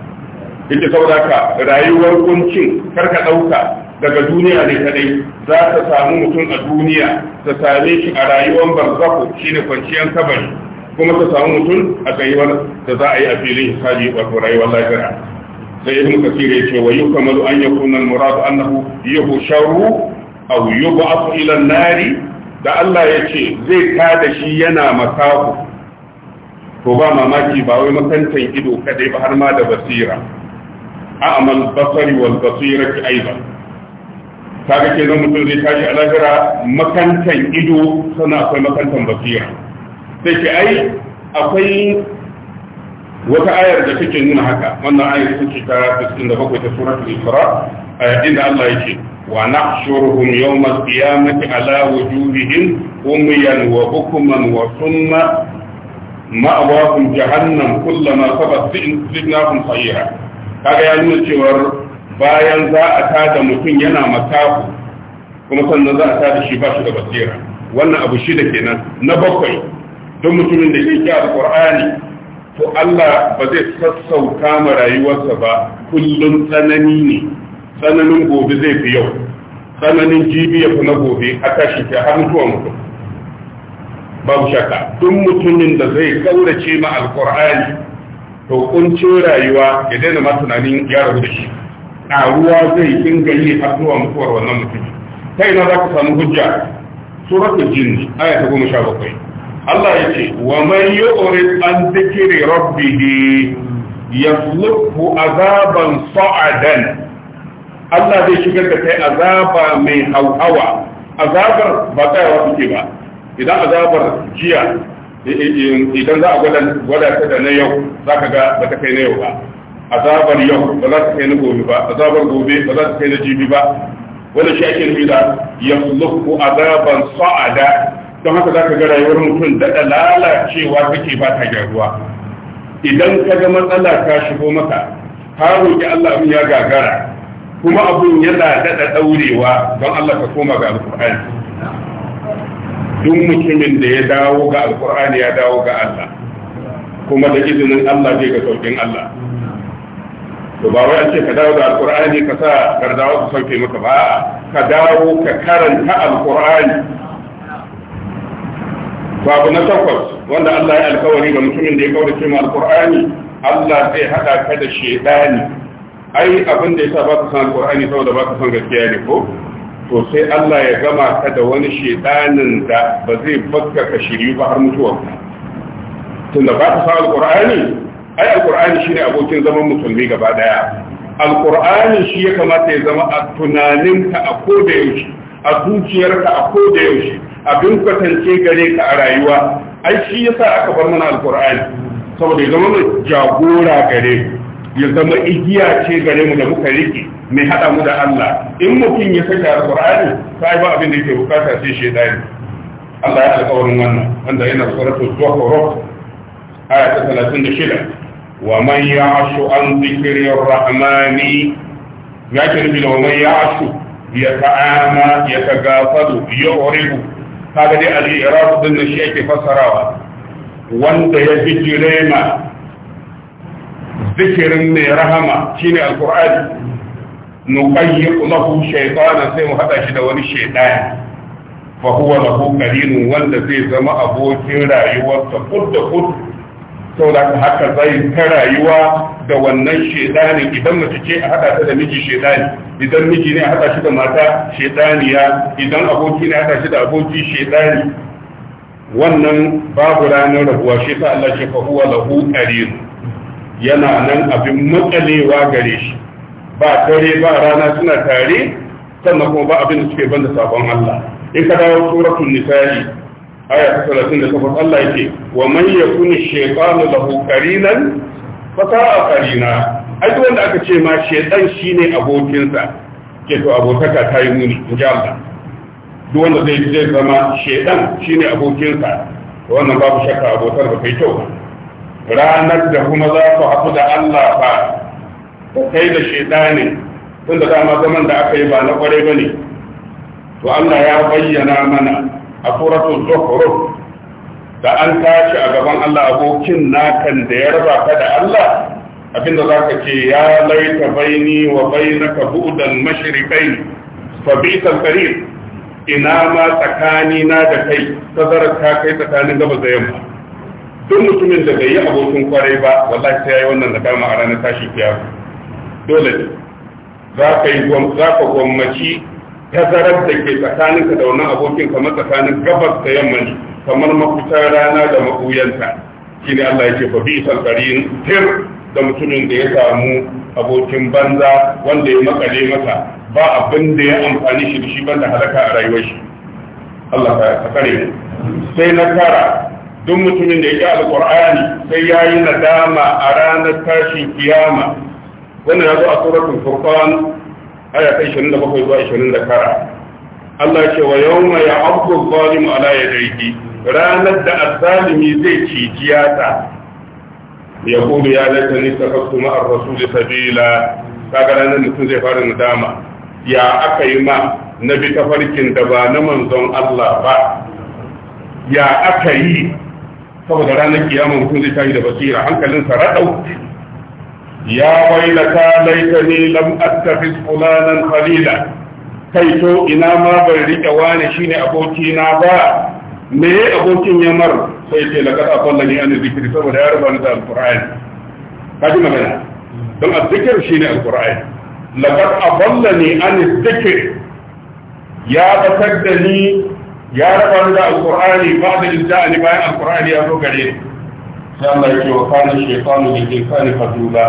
ita saboda ka rayuwar kuncin karka dauka daga duniya ne kadai za ta samu mutum a duniya ta same shi a rayuwar barzako shine kwanciyar kabari kuma ta samu mutum a tsayuwar da za a yi a filin hisabi wato rayuwar lafiya da ibn kasir yace wa yukamalu an yakuna al-murad annahu yuhsharu aw yub'ath ila an-nari da Allah ce zai da shi yana makafu to ba mamaki ba wai makantan ido kadai ba har ma da basira a'mal basari wal basirati aidan kaga kenan mutum zai tashi a lahira makantan ido sannan akwai makantan basira sai ke ai akwai wata ayar da take nuna haka wannan ayar ita ce ta 67 ta suratul isra da Allah yake wa nahshuruhum yawmal qiyamati ala wujuhihim umyan wa bukman wa summa ma'awahum jahannam kullama sabat zidnahum sayyi'a kaga ya nuna cewa bayan za a tada mutum yana makafu kuma sannan za a tada shi ba shi da basira wannan abu shida kenan na bakwai don mutumin da ke kyara qur'ani to Allah ba zai sassauta ma rayuwarsa ba kullum tsanani ne tsananin gobe zai fi yau tsananin jibi ya fi na gobe a tashi ta har mutuwa mutum babu shaka duk mutumin da zai kaurace ma alkur'ani to kuncin rayuwa ya daina ma tunanin ya rabu da shi a zai dinga yi har zuwa mutuwar wannan mutum ta ina za ka samu hujja suratul jini aya ta goma sha bakwai Allah ya ce wa man yu'rid an dhikri rabbih yaslukhu azaban sa'adan Allah zai shigar da kai azaba mai hauhawa azabar ba tsayawa suke ba idan azabar jiya idan za a gwada ta da na yau za ka ga ba ta kai na yau ba azabar yau ba za ta kai na gobe ba azabar gobe ba za ta kai na jibi ba Wani shi ake nufi da yaslukhu azaban sa'ada don haka za ka ga rayuwar mutum daɗa lalacewa take ba ta gyaruwa idan ka ga matsala ta shigo maka ka roƙi Allah ya gagara kuma abun yana daɗa ɗaurewa don Allah ka koma ga alƙur'ani duk mutumin da ya dawo ga alƙur'ani ya dawo ga Allah kuma da izinin Allah zai ga sauƙin Allah to ba wai an ce ka dawo da alƙur'ani ka sa gardawa su sauke maka ba ka dawo ka karanta alƙur'ani babu na takwas wanda Allah ya alkawari ga mutumin da ya kaurace ma alqur'ani Allah zai hada ka da shedani ai abin da yasa ba ka san alqur'ani saboda ba ka san gaskiya ne ko to sai Allah ya gama ka da wani shedanin da ba zai bakka ka shiryu ba har mutuwa tunda ba ka san alqur'ani ai alqur'ani shine abokin zaman musulmi gaba daya alqur'ani shi ya kamata ya zama a tunaninka a koda yaushe a zuciyarka a koda yaushe abin kwatance gare ka a rayuwa ai shi yasa aka bar mana alqur'ani saboda ya zama mu jagora gare ya zama igiya ce gare mu da muka rike mai hada mu da Allah in mutum ya saka alqur'ani sai ba abin da yake bukata sai shedani Allah ya alƙawarin wannan wanda yana suratul zuhruf aya ta 36 ya ce عن da wa man ya يعش يتعامى يتغافل يعرض kaga dai al-i'rab din shi yake fassarawa wanda ya fi jirema. zikirin mai rahama shine alqur'ani nuqayyiq lahu shaytana sai mu hada shi da wani shaytan fa huwa lahu qarinun wanda zai zama abokin rayuwarsa kud da kud saboda haka zai ta rayuwa da wannan shedanin idan mace ce a haɗa ta da miji shedani idan miji ne a haɗa shi da mata shedaniya idan aboki ne a haɗa shi da aboki shedani wannan babu ranar rabuwa shi ta Allah ce fa huwa lahu qarin yana nan abin matsalewa gare shi ba dare ba rana suna tare sannan kuma ba abin da suke banda sabon Allah in ka dawo suratul nisa'i aya ta 38 Allah yake wa man yakun shaytanu lahu qarinan fasa a karina ai wanda aka ce ma shedan shine abokinsa ke to abotaka ta yi muni in ji Allah duk wanda zai zai zama shedan shine abokinsa wannan babu shakka abotar ba kai kyau ranar da kuma za ku haɗu da Allah ba da kai da shedanin tun da dama zaman da aka yi ba na kwarai ba ne to Allah ya bayyana mana a suratul zukhruf da an tashi a gaban Allah abokin nakan da ya raba ka da Allah abinda za ka ce ya laita baini wa bainaka bu'dan mashriqain fa bi'sal qarir ina ma tsakani na da kai tazara ta kai tsakanin gabas da yamma duk mutumin da bai yi abokin kwarai ba wallahi sai yayi wannan nadama a ranar tashi kiya dole ne za ka yi za ka gwammaci tazarar da ke tsakaninka da wannan abokin kamar tsakanin gabas da yamma ne kamar mafitar rana da mabuyanta shi ne Allah ce fa bi salqarin tir da mutumin da ya samu abokin banza wanda ya makale masa ba abin da ya amfani shi da shi banda halaka a rayuwar shi Allah ka kare mu sai na tara duk mutumin da ya ji alƙur'ani sai ya yi nadama a ranar tashin kiyama wannan ya zo a suratul furqan aya 27 zuwa 29 Allah ce wa yawma ya'abdu zalimu ala yadayhi ranar da azzalimi zai ci jiyata ya kudu ya laita ni ta fasu ma'ar rasul sabila ga ranar mutum zai fara nadama ya aka yi ma na bi tafarkin da ba na manzon Allah ba ya aka yi saboda ranar kiyama mutum zai tashi da basira hankalinsa raɗau ya wailata laitani lam attakhidh fulanan khalila kai to ina ma bar rike wani shine aboki na ba me abokin ya mar sai ce laqad afallani an zikri saboda ya rubuta da alqur'an kaji magana don a azzikir shine alqur'ani laqad afallani an zikri ya batar da ni ya raba da alqur'ani ba da ni bayan alqur'ani ya zo gare ni sai Allah ya ce wa kana shaytanu lil insani fadula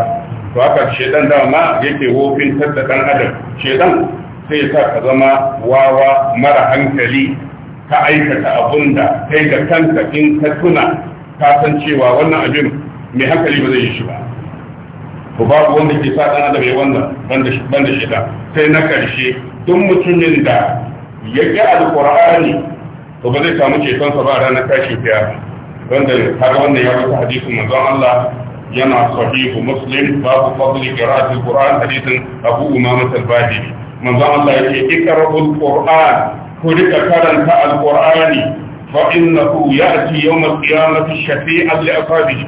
to aka shedan ma yake wofin da adam shedan sai ya sa ka zama wawa mara hankali ka aikata abun da kai ga kanka in ka tuna ka san cewa wannan abin mai hankali ba zai yi shi ba babu wanda ke sa dan adam ya wannan banda shida sai na karshe duk mutumin da ya ƙi alƙur'ani to ba zai samu cetonsa ba a ranar tashin kiyama wanda kaga wannan ya wata hadisin manzon Allah yana sahihu muslim babu fadli qira'atul qur'an hadithin abu umama al-bahili manzo Allah yake ikra'ul qur'an ku rika karanta alqur'ani fa innahu ya'ti yawm al shafi'an li ashabihi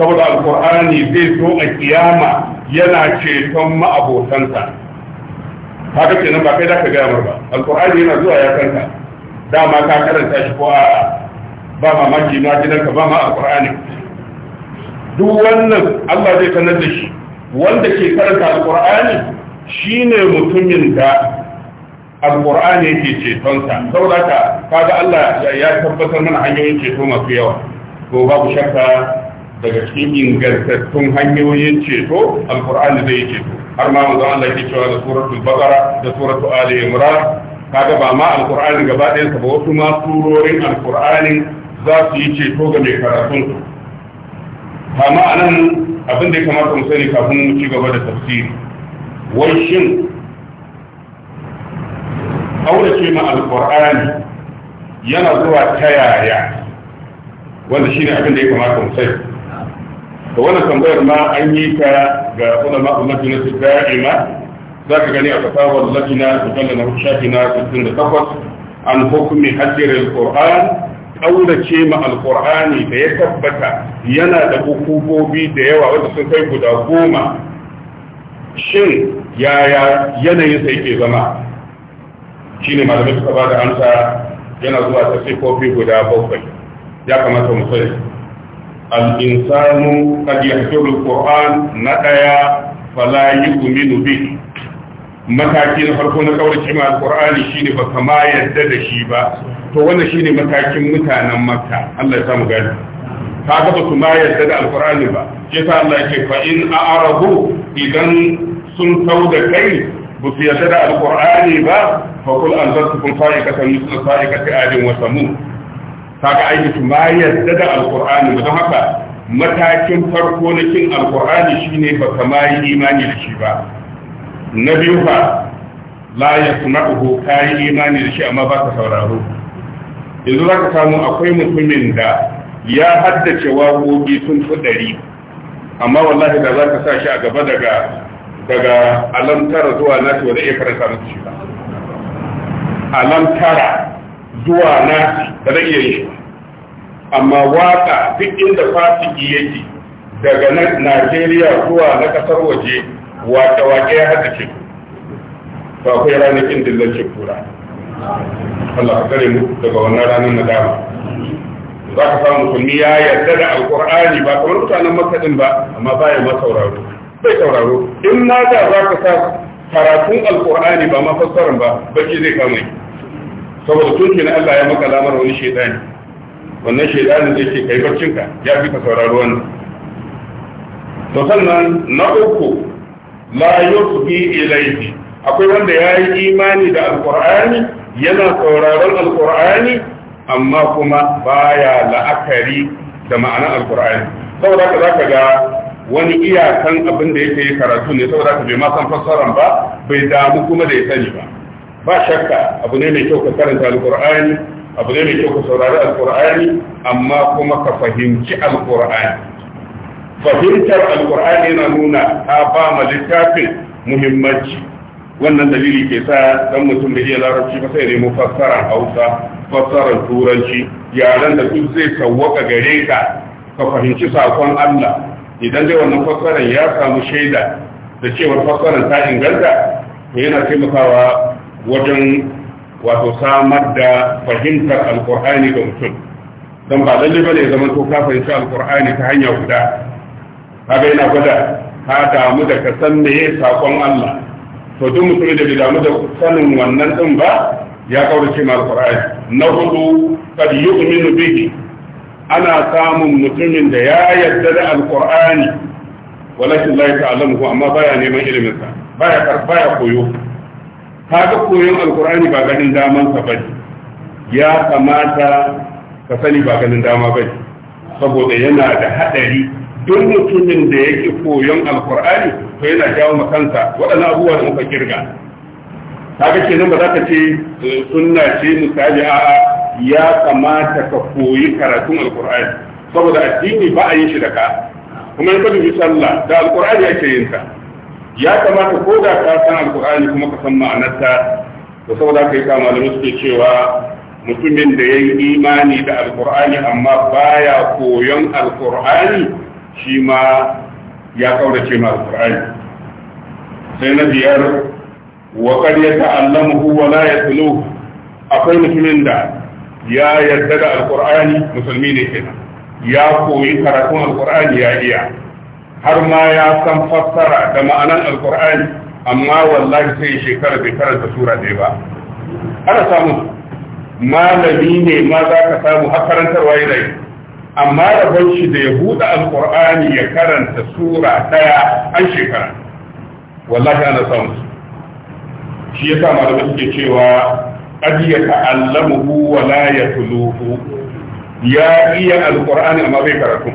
saboda alqur'ani zai zo a kiyama yana ceton ma'abotansa haka kenan ba kai da ka gaya ba alqur'ani yana zuwa ya kanka dama ka karanta shi ko a'a ba mamaki ma gidanka ba ma alqur'ani duk wannan Allah zai sanar da shi wanda ke karanta alqur'ani shine mutumin da alqur'ani yake cetonsa saboda kaga Allah ya tabbatar mana hanyoyin ceto masu yawa to babu shakka daga cikin ingantattun hanyoyin ceto alkur'ani zai ceto har ma manzo Allah ke cewa da suratul baqara da suratul ali imran kaga ba ma alkur'ani gaba ɗayan ba wasu ma surorin alkur'ani za su yi ceto ga mai karatun amma anan abin da ya kamata mu sani kafin mu ci gaba da tafsiri wai shin aurace ma alkur'ani yana zuwa ta yaya wanda shi ne abin da ya kamata mu sai to wannan tambayar ma an yi ta ga ulama ummati na da'ima za ka gani a fatawar lajina mujalla na shafi na 68 an hukumi hajjar alkur'an aurace ma alkur'ani da ya tabbata yana da hukubobi da yawa wanda sun kai guda goma shin yaya sa yake zama shi ne malamai suka ba da amsa yana zuwa ta sifofi guda bakwai ya kamata mu sani al'insanu kad al qur'an na daya fala yu'minu bi mataki na farko na kaurace ma alqur'ani shine ba kama yadda da shi ba to wannan shine matakin mutanen makka Allah ya samu gani kaga ba su ma yarda da alqur'ani ba yasa Allah yake fa in idan sun kauda kai ba su yarda da alqur'ani ba fa kul anzartukum sa'iqatan mithla sa'iqati adin wa samud kaga ai su ma yarda da alqur'ani ba don haka matakin farko na kin alqur'ani shine ba ma yi imani da shi ba na biyu fa la yasma'uhu kai imani da shi amma ba ka sauraro yanzu za ka samu akwai mutumin da ya haddace waƙoƙi sun fi ɗari amma wallahi da za ka sa shi a gaba daga daga alamtara zuwa nasi wanda ya karanta musu shi ba alamtara zuwa nasi da zai iya yi shi amma waka duk inda iya yake daga Najeriya zuwa na kasar waje wata wake ya haddace ce Ba akwai ranakin da zai ce kura Allah ka tare mu daga wannan ranar dama za ka samu musulmi ya yarda da alkur'ani ba kamar mutanen masa din ba amma ba ya ma sauraro bai sauraro in na da za ka sa karatun alkur'ani ba ma ba baki zai kama saboda tun na Allah ya maka lamar wani shaidani wannan shaidani zai ce kai barcinka ya fi ka sauraro wannan to sannan na uku la yusbi ilayhi akwai wanda ya yi imani da alkur'ani yana sauraron alkur'ani amma kuma baya la'akari da ma'anar alkur'ani saboda ka zaka ga wani iyakan abin da yake karatu ne saboda ka bai ma san fassaran ba bai damu kuma da ya sani ba ba shakka abu ne mai kyau ka karanta alkur'ani abu ne mai kyau ka saurari alkur'ani amma kuma ka fahimci alkur'ani fahimtar alkur'ani yana nuna ta ba ma littafin muhimmanci wannan dalili ke sa dan mutum da iya larabci ba sai nemo fassarar hausa fassarar turanci yaren da duk zai sawwaka gare ka ka fahimci sakon Allah idan dai wannan fassarar ya samu shaida da cewar fassarar ta inganta to yana taimakawa wajen wato samar da fahimtar alkur'ani ga mutum don ba lalle bane zama to ka fahimci alkur'ani ta hanya guda kaga yana gwada ka damu da ka san me sakon Allah to duk mutum da bai damu da sanin wannan din ba ya kaurace ma alqur'ani na hudu kad yu'minu bihi ana samun mutumin da ya yarda da alqur'ani walakin la ya'lamuhu amma baya neman ilimin sa baya karbaya koyo kaga koyon alqur'ani ba ganin daman sa bane ya kamata ka sani ba ganin dama bane saboda yana da hadari duk mutumin da yake koyon alkur'ani to yana jawo makansa waɗannan abubuwa da muka kirga kaga kenan ba za ka ce eh, sunna ce misali a'a ya kamata ka koyi karatun alkur'ani saboda addini ba a yi shi da ka kuma in ka sallah da alkur'ani ake yin ta ya kamata ko da ka san alqur'ani kuma ka san ma'anarta to saboda kai ka da suke cewa mutumin da yayi imani da alkur'ani amma baya koyon alkur'ani shi ma ya kaurace ma alkur'ani sai na biyar wa qad yata'allamuhu wa la yatluhu akwai mutumin da ya yarda da alqur'ani musulmi ne kenan ya koyi karatun alqur'ani ya iya har ma ya san fassara da ma'anan alqur'ani amma wallahi sai shekara bai karanta sura ɗaya ba ana samu malami ne ma za ka samu har karantarwa yana yi amma rabon shi da ya buɗe alkur'ani ya karanta sura ɗaya an shekara wallahi ana samu shi ya sa malamai suke cewa qad yata'allamuhu wa la yatluhu ya iya alqur'ani amma bai karatu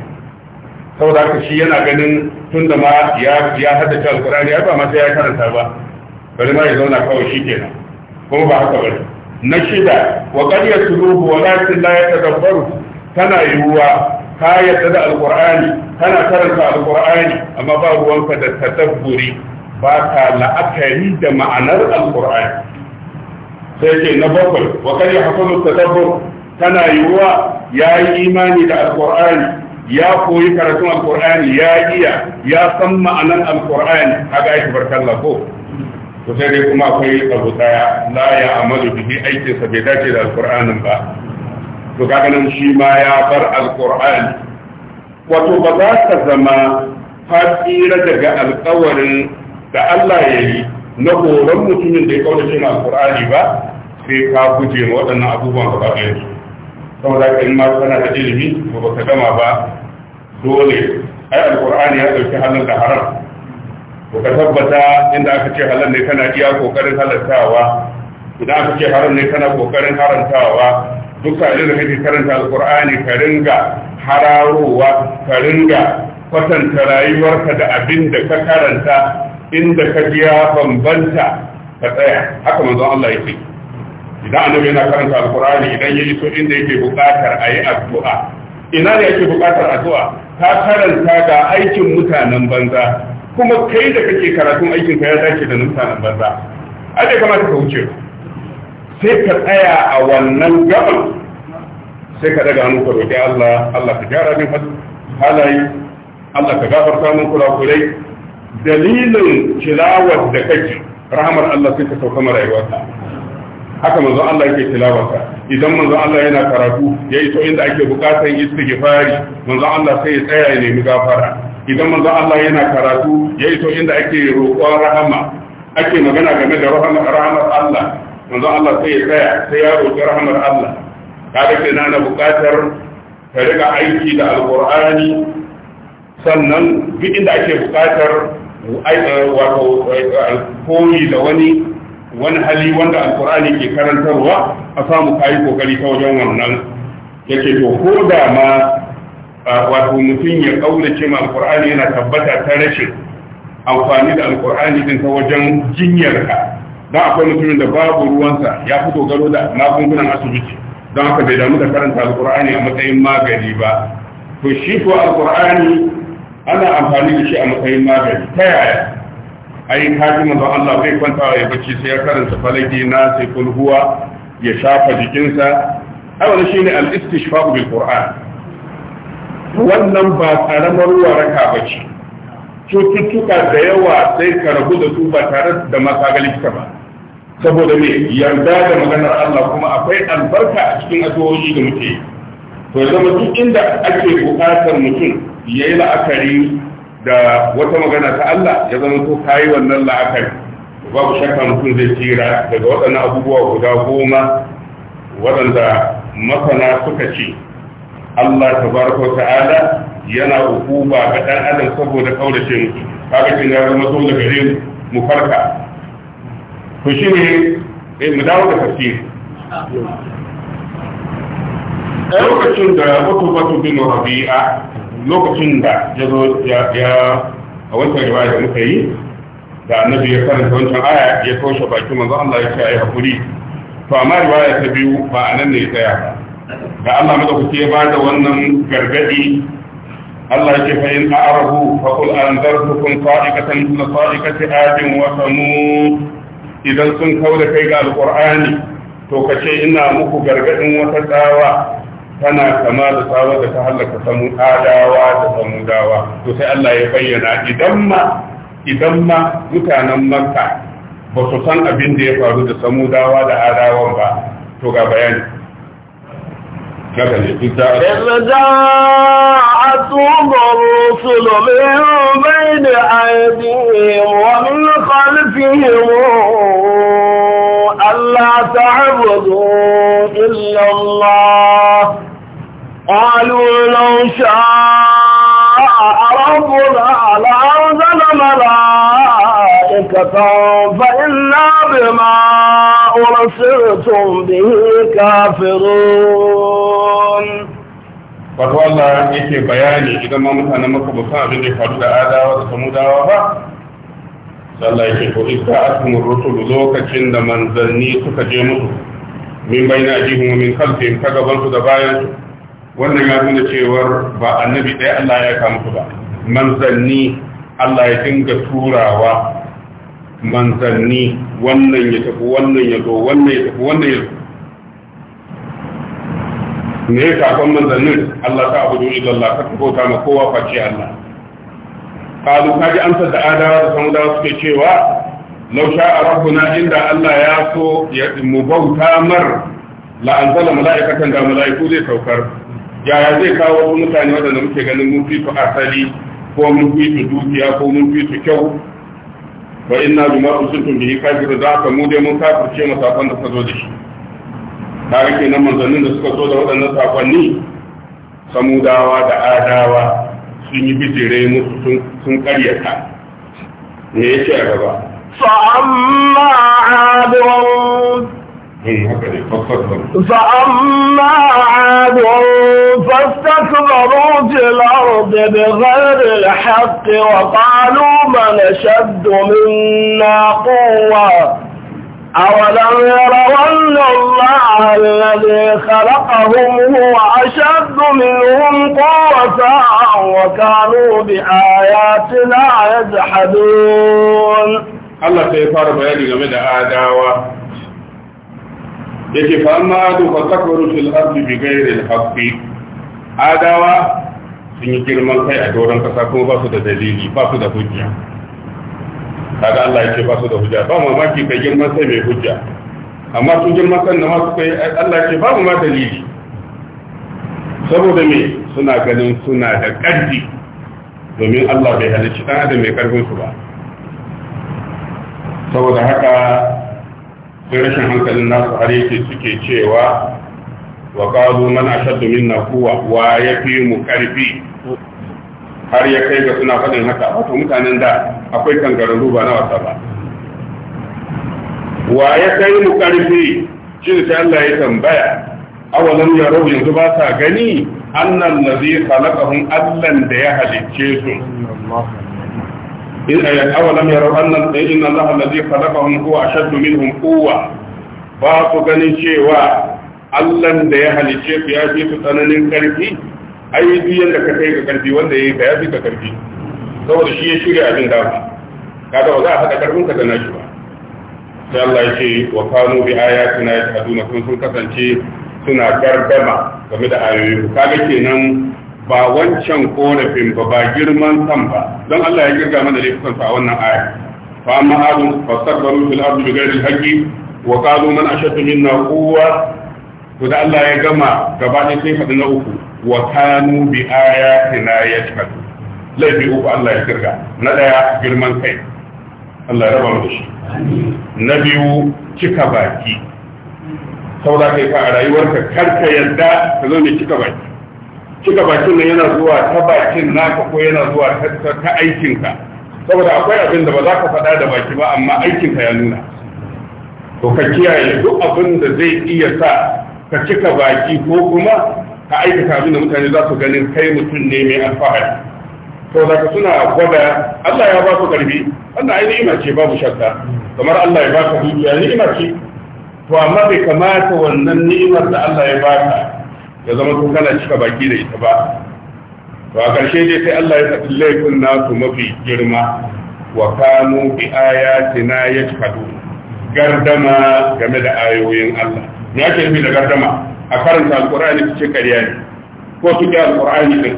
saboda haka shi yana ganin tunda ma ya ya haddace alqur'ani ya ba ma sai ya karanta ba bari ma ya zauna kawai shi kenan kuma ba haka bane na shida wa qad yatluhu wa la yatadabbaru tana yiwuwa ka yadda da alqur'ani kana karanta alqur'ani amma ba ruwanka da tadabburi ba ta la'akari da ma'anar alkur'ani sai ce na bakwai wa kar ya hafazu tadabbur tana yiwuwa ya yi imani da alkur'ani ya koyi karatun alkur'ani ya iya ya san ma'anar alkur'ani kaga yake barkalla ko to sai dai kuma akwai abu daya la ya amalu bihi aikinsa bai dace da alkur'anin ba to kaga nan shi ma ya bar alkur'ani wato ba za ta zama fasira daga alkawarin da Allah ya yi na horon mutumin da ya kawo da shi na alkur'ani ba sai ka guje ma waɗannan abubuwan gaba ɗaya su saboda in ma kana da ilimi ba ba ka gama ba dole ai alkur'ani ya ɗauki halin da haram ba ka tabbata inda aka ce halal ne kana iya ƙoƙarin halartawa idan aka ce haram ne kana ƙoƙarin harantawa, duk idan da kake karanta alkur'ani ka ringa hararowa ka ringa kwatanta rayuwarka da abin da ka karanta inda ka biya bambanta ka tsaya haka manzon Allah yake idan annabi yana karanta alqur'ani idan ya iso inda yake buƙatar ayi addu'a ina ne yake buƙatar addu'a ka karanta ga aikin mutanen banza kuma kai da kake karatun aikin ka ya dace da mutanen banza a dai kamata ka wuce sai ka tsaya a wannan gaban sai ka daga hannu ka roƙi Allah Allah ka gyara min halaye Allah ka gafarta min kulai dalilin tilawar da kake rahmar Allah sai ta sauka rayuwarka haka manzo Allah yake tilawarka. idan manzo Allah yana karatu ya iso inda ake bukatar istighfari manzo Allah sai ya tsaya ya nemi gafara idan manzo Allah yana karatu ya iso inda ake roƙon rahama ake magana game da rahamar Allah manzo Allah sai ya tsaya sai ya roƙi rahamar Allah kaga kenan na bukatar ka riga aiki da alqur'ani sannan duk inda ake bukatar Eh, eh, koyi da wani wani hali wanda alkur'ani ke karantarwa a samu kayi kokari ta wajen wannan yake to ko da ma wato mutum ya ce ma alkur'ani yana tabbata ta rashin amfani da alkur'ani din ta wajen jinyar ka don akwai mutumin da babu ruwansa ya fi dogaro da magungunan asibiti don haka bai damu da karanta alkur'ani a matsayin magani ba to shi ko alkur'ani ana amfani da shi a matsayin magani ta yaya A yi kaji mazan Allah bai kwanta ya bacci sai ya karanta falaki na sai kulhuwa ya shafa jikinsa ai shi ne al-istishfa'u bil ƙura'an wannan ba raka ba ce. cututtuka da yawa sai ka rabu da su ba tare da makagalista ba saboda me yarda da maganar Allah kuma akwai albarka a cikin addu'o'i da muke to zama duk inda ake bukatar mutum ya yi la'akari da wata magana ta Allah ya zama to yi wannan la'akari babu shakka mutum zai tsira daga waɗannan abubuwa guda goma waɗanda masana suka ce Allah ta tabaraka ta'ala yana hukuma ga ɗan adam saboda kaurace mu kaga kin ya zama dole gare mu mu farka to shine eh mu dawo da tafsiri lokacin da mutu bin rabi'a lokacin da ya zo ya a wancan riwaya da muka yi da annabi ya karanta wancan aya ya toshe bakin manzo Allah ya ce ayi hakuri to amma riwaya ta biyu ba anan ne ya tsaya da Allah madaukake ya bada wannan gargadi Allah yake fa in a'rabu fa qul anzartukum sa'iqatan la sa'iqati adin wa samud idan sun kauda kai ga alqur'ani to kace ina muku gargadin wata tsawa tana kama da tsawa da ta hallaka samu adawa da samu dawa to sai Allah ya bayyana idan ma idan ma mutanen makka ba su san abin da ya faru da samu dawa da adawan ba to ga bayani haka ne duk da جاءتهم الرسل من بين أيديهم ومن خلفهم ألا تعبدوا إلا الله قالوا لو شاء ربنا لأنزل ملائكة فإنا بما أرسلتم به كافرون wato Allah yake bayani idan ma mutanen maka ba san abin da ya faru da adawa da samudawa ba sallah yake ko iska asmur rusul lokacin da manzanni suka je musu min baina ajihum min khalfihim ta gaban su da bayan su wannan ya nuna cewar ba annabi ɗaya Allah ya kama ku ba manzanni Allah ya dinga turawa manzanni wannan ya tafi wannan ya zo wannan ya tafi wannan ya zo me ya kafin manzannin Allah ta abu duni Allah ka bauta ma kowa face Allah kalu kaji amsar da adawa da dawa suke cewa law sha'a rabbuna inda Allah ya so ya mu bauta mar la anzala malaikatan da malaiku zai saukar yaya zai kawo wasu mutane waɗanda muke ganin mun fi asali ko mun fi dukiya ko mun fi su kyau fa inna bima sun bihi kafir da aka mu dai mun kafirce mu sakon da ka zo da shi tare nan manzannin da suka zo da waɗannan sakonni samudawa da adawa sun yi bijire musu sun karyata me yake a gaba فأما عاد إيه، فأما عاد فاستكبروا في الأرض بغير الحق وقالوا من أشد منا قوة أولم يروا أن الله الذي خلقهم هو أشد منهم قوة وكانوا بآياتنا يجحدون الله سيفار بياني game da yake fa amma adu fa takbaru fil ardi bi ghairi al-haqqi adawa sun yi girman kai a doron kasa kuma ba su da dalili ba su da hujja kaga Allah yake ba su da hujja ba mamaki kai girman kai mai hujja amma sun girman kan da masu kai Allah yake ba mu ma dalili saboda me suna ganin suna da ƙarfi domin Allah bai halicci dan adam mai karfin su ba saboda haka sai rashin hankalin nasu har yake suke cewa wa qalu man ashaddu minna quwwa wa yafi mu karfi har ya kai ga suna faɗin haka wato mutanen da akwai kangararru ba na wasa ba wa ya kai mu karfi shin sai Allah ya tambaya awalan ya rubu yanzu ba sa gani annan ladhi khalaqahum allan da ya halicce su إن أولم يروا أن إن الله الذي خلقهم هو أشد منهم قوة باطو غني شيوا Allah da ya halice su ya fi su tsananin karfi ai biyan da ka kai ga ƙarfi wanda ya yi ka ya fi ka ƙarfi saboda shi ya shirya abin da ba kada ba za a haɗa ƙarfin ka da nashi ba sai Allah ya ce wa kanu bi ayatina yajhaduna kun sun kasance suna gardama game da ayoyin kaga kenan ba wancan korafin ba ba girman san ba don Allah ya girga mana laifukan sa a wannan aya fa amma adun fasabbaru fil ardi bighairi al-haqqi wa qalu man ashaddu minna quwwa to da Allah ya gama gaba ɗaya sai faɗi na uku wa kanu bi ayatina yashhadu laifi uku Allah ya girga na daya girman kai Allah ya raba mu da shi na biyu cika baki saboda kai fa a rayuwarka karka yadda ka zo ne cika baki cika bakin nan yana zuwa ta bakin naka ko yana zuwa ta aikinka saboda akwai abin da ba za ka faɗa da baki ba amma aikinka ya nuna to ka kiyaye duk abin da zai iya sa ka cika baki ko kuma ka aikata abin da mutane za su ganin kai mutum ne mai alfahari to da ka suna gwada Allah ya ba ku karfi wannan ai ni'ima ce babu shakka kamar Allah ya ba ka dukiya ni'ima ce to amma bai kamata wannan ni'imar da Allah ya ba ka ya zama ko kana cika baki da ita ba to a ƙarshe dai sai Allah ya faɗi laifin nasu mafi girma wa kanu bi ayatina yajhadu gardama game da ayoyin Allah me yake da gardama a karanta alqur'ani ce kariya ne ko su ga alqur'ani din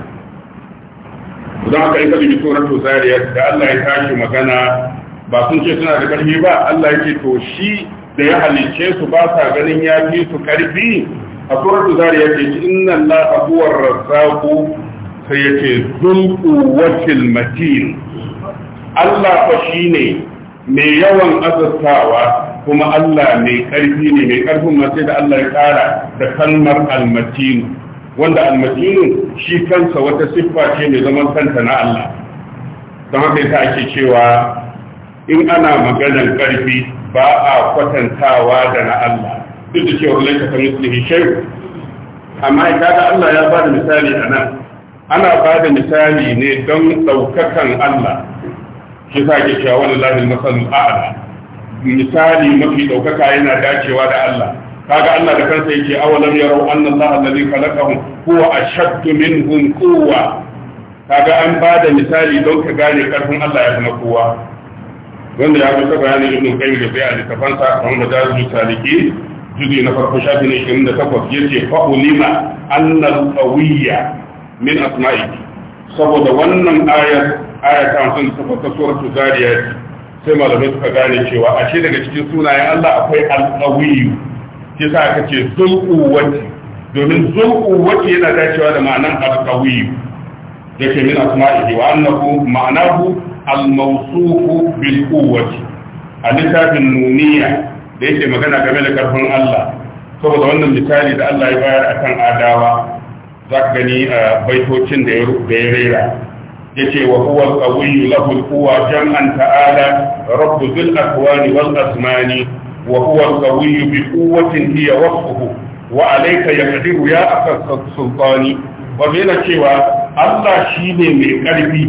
idan aka yi kabi suratul zariyat da Allah ya tashi magana ba sun ce suna da karfi ba Allah ya ce to shi da ya halicce su ba sa ganin ya fi su karfi a suratu zariyat yace inna allaha huwa ar-razzaqu sai yace dhul quwwatil matin Allah fa mai yawan azastawa kuma Allah mai ƙarfi ne mai karfin mace da Allah ya ƙara da kalmar al wanda al shi kansa wata siffa ce mai zaman kanta na Allah don haka yasa ake cewa in ana maganar karfi ba a kwatantawa da na Allah duk da cewa laika ka mislihi shay amma kaga Allah ya bada misali anan ana bada misali ne don daukakan Allah shi sa ke cewa wallahi al-masalul a'la misali mafi daukaka yana dacewa da Allah kaga Allah da kansa yake awalam yarau anna Allah alladhi khalaqahum huwa ashaddu minhum quwwa kaga an bada misali don ka gane karfin Allah ya kuma kowa wanda ya fi ta bayanin ibn qayyim da a kafansa kamar da zasu saliki juzi na farko shafi na 28 yace fa ulima annal qawiyya min asma'iki saboda wannan ayat ayata sun suka ta suratul zariyat sai malamai suka gane cewa ashe daga cikin sunayen Allah akwai al-qawiyyu shi sa aka ce zulquwwati domin zulquwwati yana dacewa da ma'anan al-qawiyyu yake min asma'ihi wa a littafin nuniya da yake magana game da karfin Allah saboda wannan misali da Allah ya bayar akan adawa za ka gani a baitocin da ya rera ya ce wa huwa al-qawiyyu lahu al-quwwa jam'an ta'ala rabbu dhil akwani wal asmani wa huwa al-qawiyyu bi quwwatin hiya wasfuhu wa alayka yaqdiru ya akas sultani wa yana cewa Allah shine mai karfi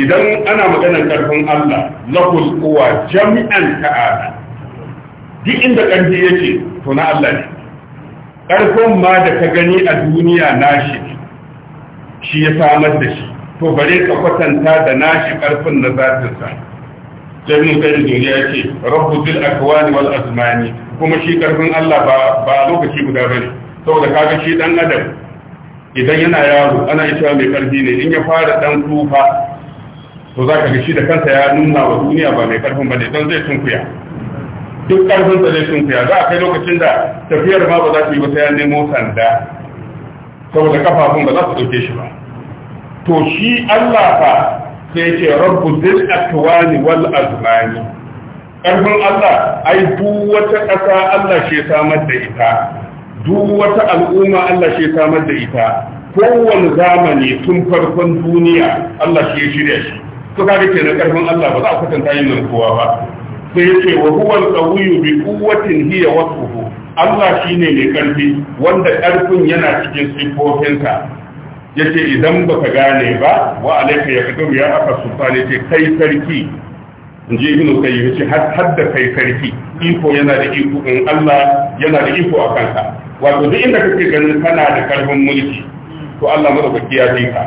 idan ana maganar karfin Allah lahu al-quwwa jam'an ta'ala duk inda ƙarfi yake to na Allah ne ƙarfin ma da ka gani a duniya nashi shi ya samar da shi to bare ka kwatanta da nashi ƙarfin na zatinsa jami'in kai duniya ce rabu zil akwani wal azmani kuma shi ƙarfin Allah ba a lokaci guda bane saboda kaga shi ɗan adam idan yana yaro ana ita mai ƙarfi ne in ya fara ɗan tufa to zaka ga shi da kansa ya nuna wa duniya ba mai ƙarfin ba ne don zai tunkuya duk ƙarfin sa zai fiya za a kai lokacin da tafiyar ma ba za ta yi ba ta ya nemo sanda saboda kafafun ba za su ɗauke shi ba to shi Allah fa sai ce rabbu zil atwani wal azmani ƙarfin Allah ai duk wata ƙasa Allah shi ya samar da ita duk wata al'umma Allah shi ya samar da ita kowane zamani tun farkon duniya Allah shi ya shirya shi to kaga kenan ƙarfin Allah ba za a kwatanta yin kowa ba sai yace wa huwa al-qawiyyu bi quwwatin hiya wasfuhu Allah shine mai ƙarfi. wanda karfin yana cikin sifofinsa yace idan ba ka gane ba wa alayka ya kadu ya aka sultan ce kai sarki inji ibnu kayyim yace hadda kai sarki iko yana da iko in Allah yana da iko a kanka wato duk inda kake ganin kana da karfin mulki to Allah madaukaki ya fi ka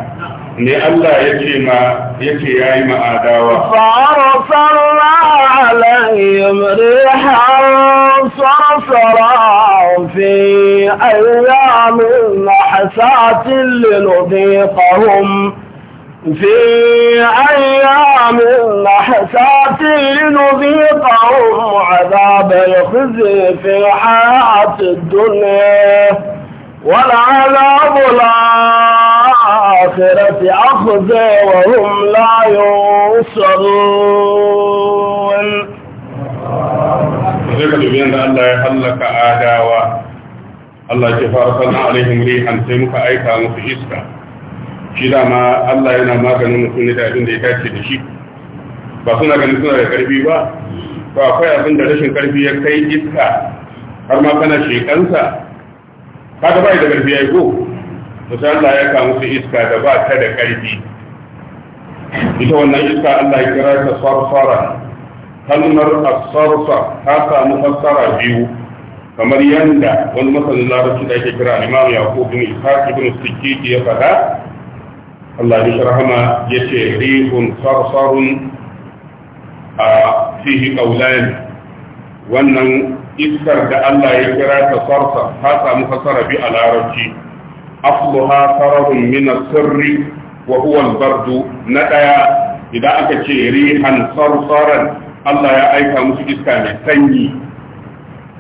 ne Allah ya ce ma ya ce ma yi ma'adawa. Fa'arasalla يمرح ريحا صرصرا في أيام حسات لنضيقهم في أيام حسات لنضيقهم عذاب الخزي في الحياة الدنيا والعذاب الآخرة أخذ وهم لا ينصرون sai ka dubi yadda Allah ya hallaka adawa Allah ke fara sannan alaihim rihan sai muka aika musu iska shi dama Allah yana maganin mutum da abin da ya dace da shi ba suna ganin suna da karfi ba ba akwai abin da rashin karfi ya kai iska har ma kana shekansa ga bai da karfi yi ko to sai Allah ya kawo musu iska da ba ta da karfi ita wannan iska Allah ya kira ta sarfara kalmar asarfa ta samu fassara biyu kamar yadda wani masanin larabci da ake kira imam yaqub bin ishaq ibn sikiti ya faɗa Allah ya rahama yace rihun sarsarun a fihi qawlan wannan iskar da Allah ya kira ta sarsa ta samu fasara bi a larabci afluha sararun min sirri wa huwa al-bardu na daya idan aka ce rihan sarsaran Allah ya aika musu iska mai sanyi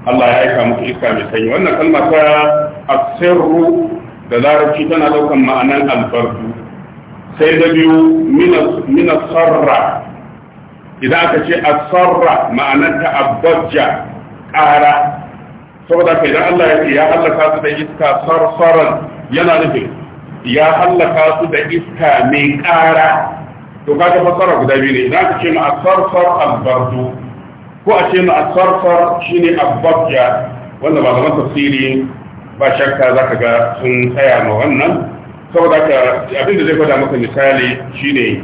Allah ya aika musu iska mai sanyi wannan kalma ta asirru da larabci tana daukan ma'anan albardu sai da biyu mina sarra idan aka ce asarra ma'anan ta abbajja ƙara saboda ka idan Allah ya ce ya hallaka su da iska sarsaran yana nufin ya hallaka su da iska mai ƙara to kaga fassara guda biyu ne idan aka ce ma asarfar albardu ko a ce ma asarfar shine abbabja wanda malaman tafsiri ba shakka zaka ga sun tsaya ma wannan saboda ka abin da zai gwada maka misali shine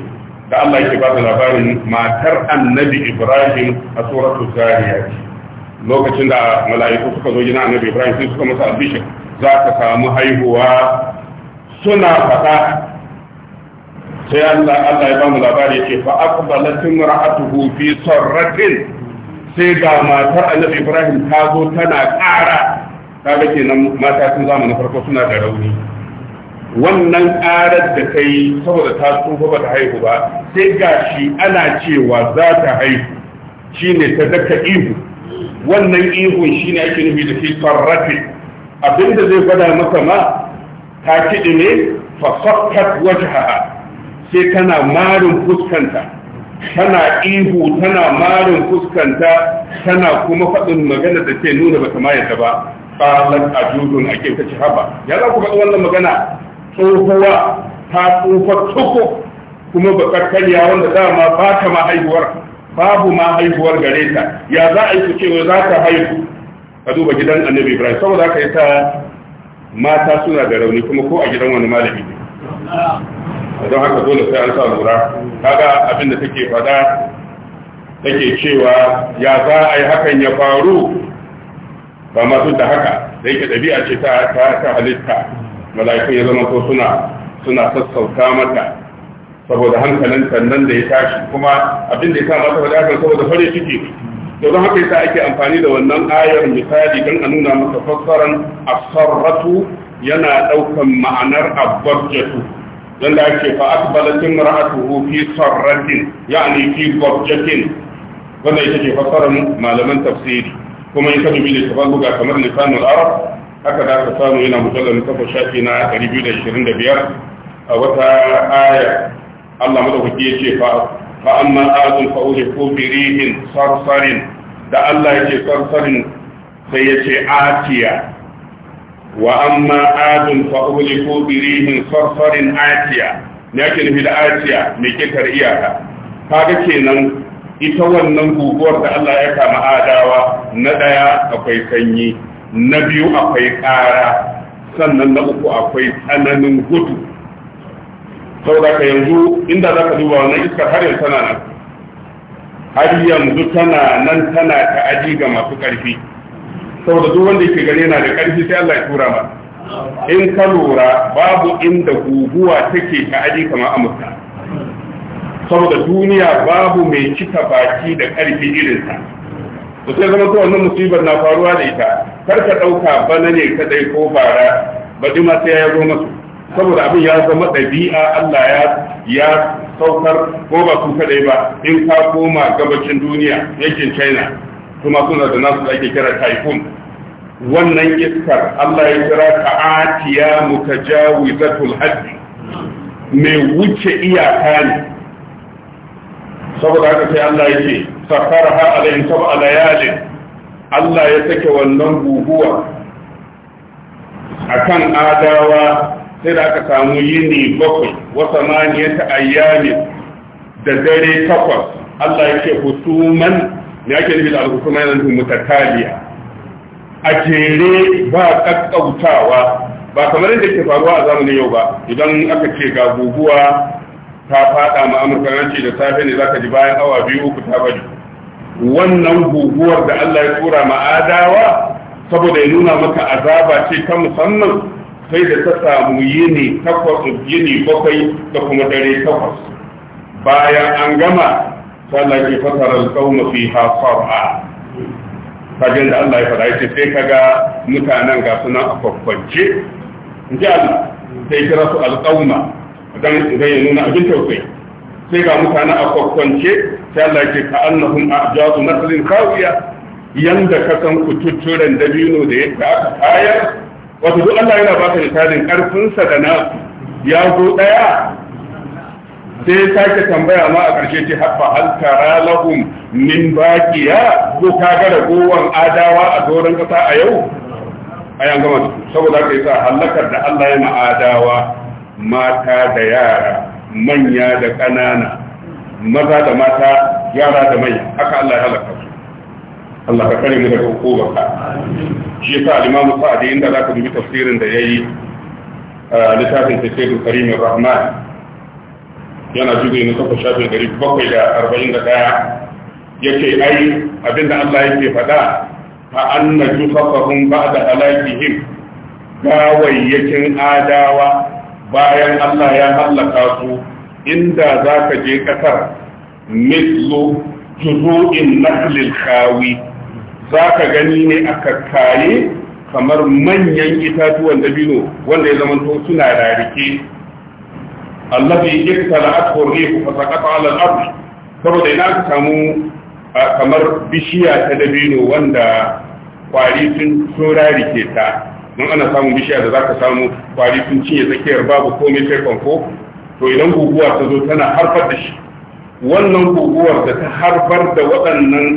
da Allah yake ba da labarin matar annabi Ibrahim a suratul zariyat lokacin da mala'iku suka zo gina annabi Ibrahim sai suka masa albishir za ka samu haihuwa suna faɗa sai Allah Allah ya ba mu labari yake fa aqbalat imra'atuhu fi sarratin sai ga matar Annabi Ibrahim ta zo tana ƙara kaga kenan mata sun zamanin farko suna da rauni wannan ƙarar da ta yi saboda ta tsufa ba ta haihu ba sai ga shi ana cewa za ta haihu shine ta daka ihu wannan ihu shine ake nufi da shi sarrafi abinda zai gwada maka ma ta kiɗi ne fa sakkat wajhaha sai tana marin fuskanta tana ihu tana marin fuskanta tana kuma faɗin magana da ke nuna bata ma yadda ba qalat ajudun ake ta ci haba ya za ku faɗi wannan magana tsohuwa ta tsufa tsoko kuma ba karya wanda dama ba ta ma haihuwar babu ma haihuwar gare ta ya za a yi ku cewa za ta haihu ka duba gidan annabi ibrahim saboda haka ita mata suna da rauni kuma ko a gidan wani malami ne don haka dole sai an sa lura kaga abin da take fada take cewa ya za a yi hakan ya faru ba masu da haka da yake ɗabi'a ce ta ta halitta mala'iku ya zama ko suna suna sassauta mata saboda hankalin nan da ya tashi kuma abin da ya sa masa wadatar saboda fare ciki don haka yasa ake amfani da wannan ayar misali don a nuna masa fassaran asarratu yana ɗaukan ma'anar abbabjatu don da ake fa akbalatin ra'atuhu fi sarratin ya'ni fi gwabjatin wannan ita ce fasarar malaman tafsiri kuma in ka dubi da tafar buga kamar lisanul arab haka da aka samu yana mujallar takwas shafi na 225 a wata aya Allah madaukaki ya ce fa amma azun fa uri ko birihin sarsarin da Allah ya ce sarsarin sai ya ce atiya وأما عاد فأهلكوا بريح صرصر آتية لكن في الآتية ميكتر إياها هذا كينا ita wannan guguwar da Allah ya kama adawa na ɗaya akwai sanyi na biyu akwai ƙara sannan na uku akwai tsananin gudu saboda ka yanzu inda za ka duba wannan iska har yanzu tana nan har yanzu tana nan tana ta'adi ga masu ƙarfi saboda duk wanda yake gare yana da ƙarfi, sai Allah ya tura ma in ka lura babu inda guguwa take ta aji kamar amurka saboda duniya babu mai cika baki da karfi irinsa to sai zama to wannan musibar na faruwa da ita kar ka ɗauka bana ne kadai ko bara baɗi ma sai ya zo masu saboda abin ya zama ɗabi'a Allah ya ya saukar ko ba su kadai ba in ka koma gabacin duniya yankin China kuma suna da nasu da ake kira typhoon wannan iskar Allah ya kira ta atiya mutajawizatul haddi mai wuce iyaka ne saboda haka sai Allah ya ce safarha alayhim sab'a layalin Allah ya sake wannan guguwa akan adawa sai da aka samu yini bakwai wa samaniyata ayyamin da dare takwas Allah ya ce ne ake nufi da al-husuma mutataliya a jere ba kakkautawa ba kamar yadda ke faruwa a zamanin yau ba idan aka ce ga guguwa ta fada ma amurka ce da safe ne zaka ji bayan awa biyu uku ta bari wannan guguwar da Allah ya tura ma adawa saboda ya nuna maka azaba ce ta musamman sai da ta samu yini takwas yini bakwai da kuma dare takwas bayan an gama sallah ke fasara alƙawma fiha hasara kajin da Allah ya fara ya sai kaga mutanen ga suna a kwakwance in ji Allah sai kira su alƙauma dan zai nuna abin tausayi sai ga mutanen a kwakwance sai Allah ya ka annahum a'jazu jazu khawiya yanda ka san kututturen dabino da yadda aka tayar wato duk Allah yana baka misalin karfinsa da na ya zo daya sai ya sake tambaya ma a ƙarshe ce haɓa halkara lahum min bakiya ko ka ga ragowar adawa a doron ƙasa a yau a yan gama saboda ka yi sa hallakar da Allah ya adawa mata da yara manya da ƙanana maza da mata yara da manya haka Allah ya halaka su Allah ka kare mu daga ka shi yasa al-Imam Sa'di inda zaka dubi tafsirin da yayi littafin tafsirul Karim Rahman yana juzu na takwas shafin ɗari bakwai da arba'in da ɗaya ya ce ai abinda Allah yake faɗa fa anna ba da alaƙihim gawayyakin adawa bayan Allah ya hallaka su inda za ka je ƙasar mislu juzu'in naklil kawi. za ka gani ne a kakkaye kamar manyan itatuwan dabino wanda ya zama suna rarike allazi iktala'at rihu fa saqata 'ala al-ard saboda ina ka samu kamar bishiya ta dabino wanda kwari sun tsorari ke ta mun ana samun bishiya da zaka samu kwari sun cinye tsakiyar babu komai sai fanko to idan guguwa ta zo tana harfar da shi wannan guguwar da ta harfar da waɗannan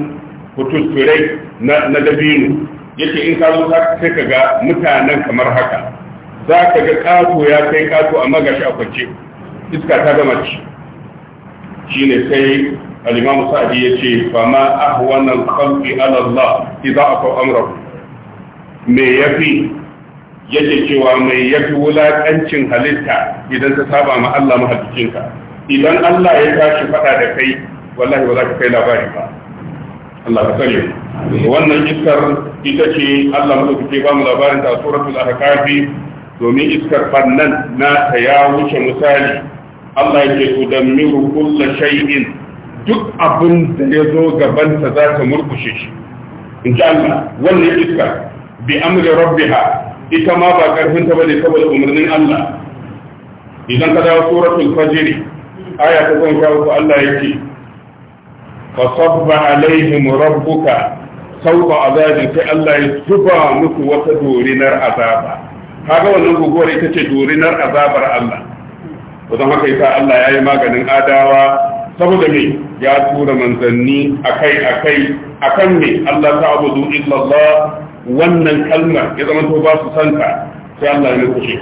kututturai na dabino yake in ka zo sai ka ga mutanen kamar haka za ka ga kato ya kai kato amma gashi a kwance iska ta gama ci shine sai al-imam sa'di yace fa ma ahwana al-khalqi ala Allah idza aqaw amrahu me yafi yake cewa mai yafi wulakancin halitta idan ta saba ma Allah mahalicinka idan Allah ya tashi fada da kai wallahi ba za ka kai labari ba Allah ka sani wannan iskar ita ce Allah madaukake ba mu labarin ta suratul ahqaf domin iskar fannan na ta ya wuce misali Allah yake tudammiru kulla shay'in duk abin da ya zo gabanta za ta murkushe shi in ji Allah wannan iska bi amri rabbiha ita ma ba karfin ta bane saboda umarnin Allah idan ka dawo suratul fajr aya ta zan ku Allah yake fa sabba alaihim rabbuka sauka azabi sai Allah ya zuba muku wata dorinar azaba kaga wannan guguwar ita ce dorinar azabar Allah ba zama kai sa Allah ya yi maganin adawa saboda me ya tura manzanni akai akai akan me Allah ta abudu illallah wannan kalmar ya zama to ba su santa sai Allah ya kushe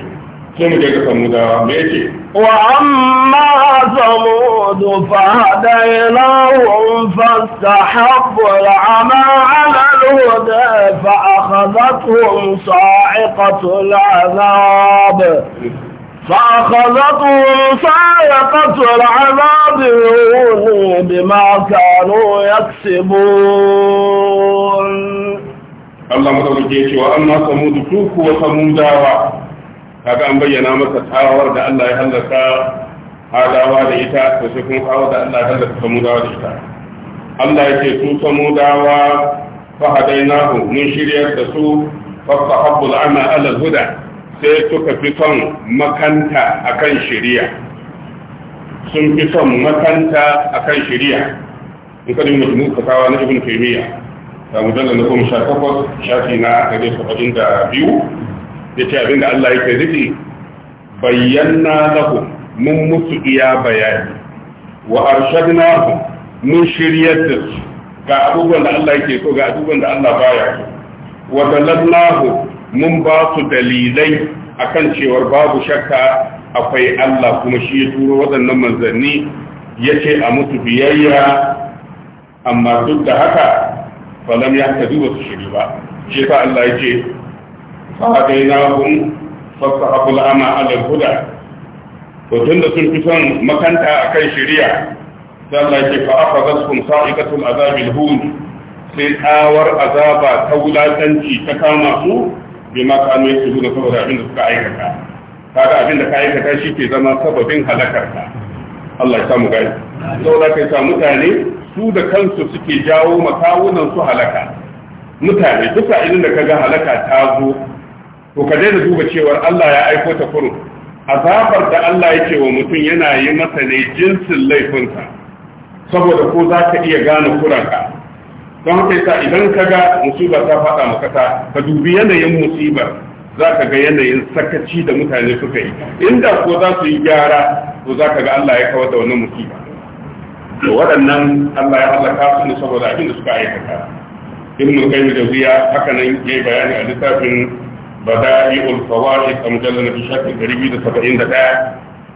sai mu je ga da me yake wa amma samud fa hadaynahum fastahabbu al'ama 'ala al-huda fa akhadhatuhum sa'iqatu al-'adab فأخذتهم صاعقة العذاب الهون بما كانوا يكسبون الله مدوك يتي وأما صمود توك وصمود داوى هذا أن بينا مكة تاور دا الله يهلك هذا واد إتا وسيكون قاوة دا الله يهلك ثمود واد إتا الله يتي تو ثمود فهديناه من شريعة سوء فاستحبوا العمى على الهدى sai suka fi son makanta akan shari'a sun fi son makanta akan shari'a in kadin mutum kawa na ibn taimiyya. ta mujalla na kuma sha shafi na ɗari saba'in da biyu ya ce abinda Allah yake nufi bayyana lahu mun musu iya bayani wa na hu mun shiryar da su ga abubuwan da Allah yake so ga abubuwan da Allah baya so wa dalalna mun ba su dalilai a kan cewar babu shakka akwai Allah kuma shi ya turo waɗannan manzanni ya ce a mutu biyayya amma duk da haka falam ya ta duba su shiri ba shi ta Allah ya ce fa'adai na hun fasa abul ama alal huda to tun da sun fi son makanta akan shari'a sai Allah ya ce fa'afa zaskun sa'ikatul azabil hun sai tsawar azaba ta wulatanci ta kama su bi ma kanu ya tuhu saboda abin da suka aikata kaga abin da ka aikata shi ke zama sababin halakar ka Allah ya samu gani saboda kai sa mutane su da kansu suke jawo makawunan su halaka mutane duk inda da ga halaka ta zo to ka daina duba cewar Allah ya aiko ta kurun azabar da Allah yake wa mutum yana yi masa ne jinsin laifinsa saboda ko za ka iya gane kuranka don haka yasa idan ka ga musibar ta faɗa maka ta ka dubi yanayin musibar za ka ga yanayin sakaci da mutane suka yi inda ko za su yi gyara to za ka ga Allah ya kawar da wannan musiba to waɗannan Allah ya halaka su ne saboda abin da suka aikata ibn da jawiya haka nan yi bayani a littafin bada'iul fawaid a mujallal na shafi 271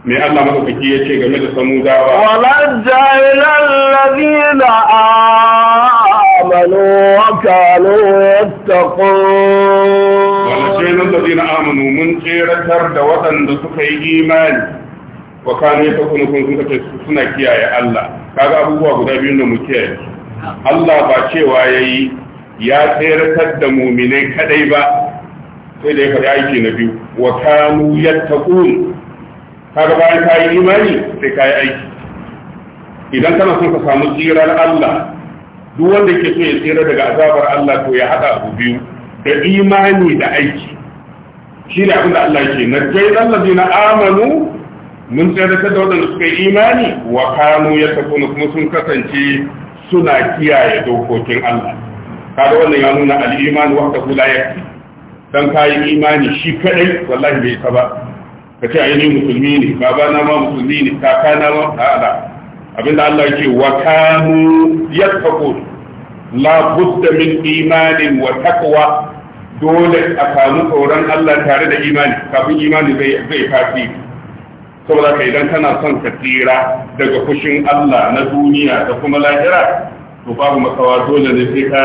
mai Allah madaukaki ya ce game da samudawa. Walar jahilar lalina a آمنوا وكانوا يتقون ونسينا الذين آمنوا من خيرة إيمان وكانوا الله kaga abubuwa guda biyun da Allah ba cewa yayi ya tseratar da muminai kadai ba sai da ya aiki na biyu wa kanu kaga bayan ka yi imani sai ka yi aiki idan kana son ka samu tsirar Allah duk wanda ke so ya tsira daga azabar Allah to ya haɗa abu biyu da imani da aiki shi ne abin da Allah ke na jai allazi na amanu mun tsirata da waɗanda suka yi imani wa kanu ya tafi kuma sun kasance suna kiyaye dokokin Allah kada wannan ya nuna al'iman ta kula ya fi don kayan imani shi kadai wallahi bai isa ba ka ce ni musulmi ne babana ma musulmi ne kakana ma ta'ala abinda Allah yake wa kanu yattaqun la budda min imanin wa taqwa dole a samu tsoron Allah tare da imani kafin imani zai zai fafi saboda kai idan kana son ka tsira daga fushin Allah na duniya da kuma lahira to babu makawa dole ne sai ka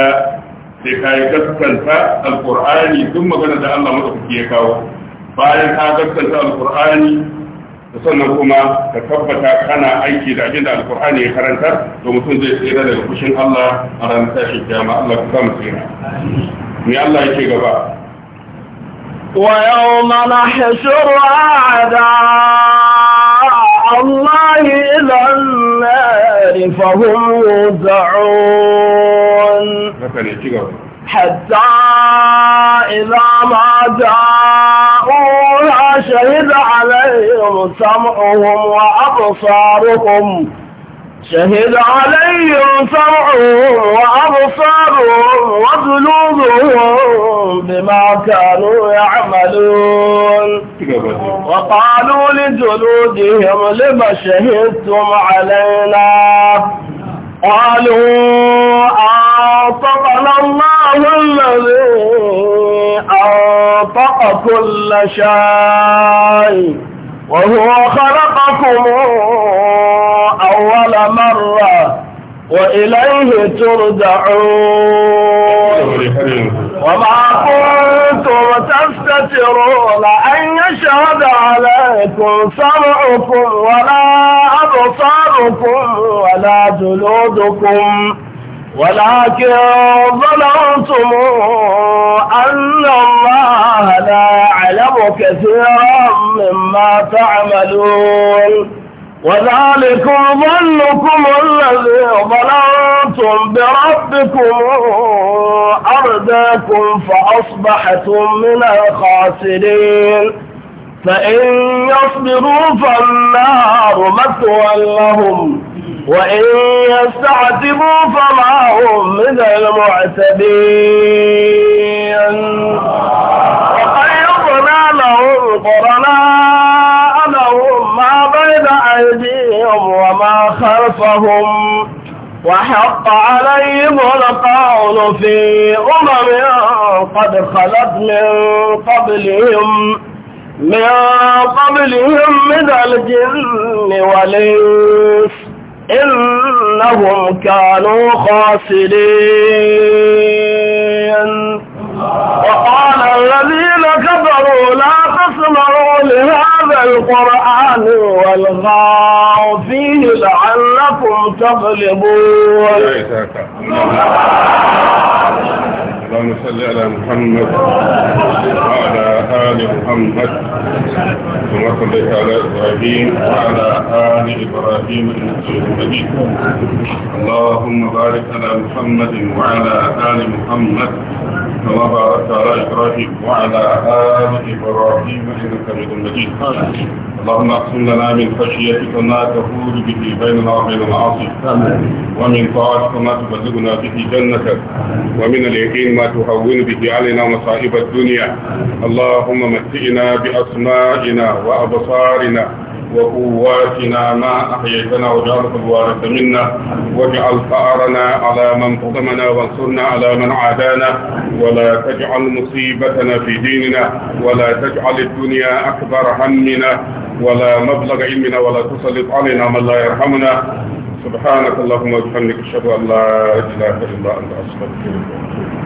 sai ka yi gaskanta alqur'ani duk magana da Allah maka ya kawo bayan ka gaskanta alqur'ani sannan kuma ka tabbata kana aiki da abin da alkur'ani ya karanta to mutum zai tsira daga fushin Allah a ranar tashin jama'a Allah ku samu tsira me Allah yake gaba ويوم نحشر أعداء الله إلى النار فهم يوزعون حتى إذا ما جاءوها شهد عليهم سمعهم وأبصارهم شهد عليهم سمعهم وأبصارهم وجلودهم بما كانوا يعملون وقالوا لجلودهم لما شهدتم علينا قالوا أعطقنا الله الذي أعطق كل شيء وهو خلقكم أول مرة وإليه ترجعون وما كنتم تستترون أن يشهد عليكم سمعكم ولا أبصار أموالكم ولا جلودكم ولكن ظننتم أن الله لا يعلم كثيرا مما تعملون وذلكم ظنكم الذي ظننتم بربكم أرداكم فأصبحتم من الخاسرين فإن يصبروا فالنار مثوى لهم وإن يستعتبوا فما هم من المعتدين وقيضنا لهم قرناء لهم ما بين أيديهم وما خلفهم وحق عليهم القول في أمم قد خلت من قبلهم من قبلهم من الجن والإنس إنهم كانوا خاسرين وقال الذين كفروا لا تسمعوا لهذا القرآن والغاوا فيه لعلكم تغلبون اللهم صل على محمد وعلى آل محمد ثم صليت على إبراهيم وعلى آل إبراهيم إنك حميد اللهم بارك على محمد وعلى آل محمد كما باركت على إبراهيم وعلى آل إبراهيم إنك حميد مجيد اللهم اقسم لنا من خشيتك ما تفوز به بيننا وبين المعاصي ومن طاعتك ما تبلغنا به جنتك ومن اليقين ما تهون به علينا مصائب الدنيا اللهم متئنا بأسمائنا وأبصارنا وقواتنا ما أحييتنا وجعلك الوارث منا واجعل ثأرنا على من ظلمنا وانصرنا على من عادانا ولا تجعل مصيبتنا في ديننا ولا تجعل الدنيا أكبر همنا ولا مبلغ علمنا ولا تسلط علينا من لا يرحمنا سبحانك اللهم وبحمدك اشهد ان لا اله الا انت استغفرك واتوب اليك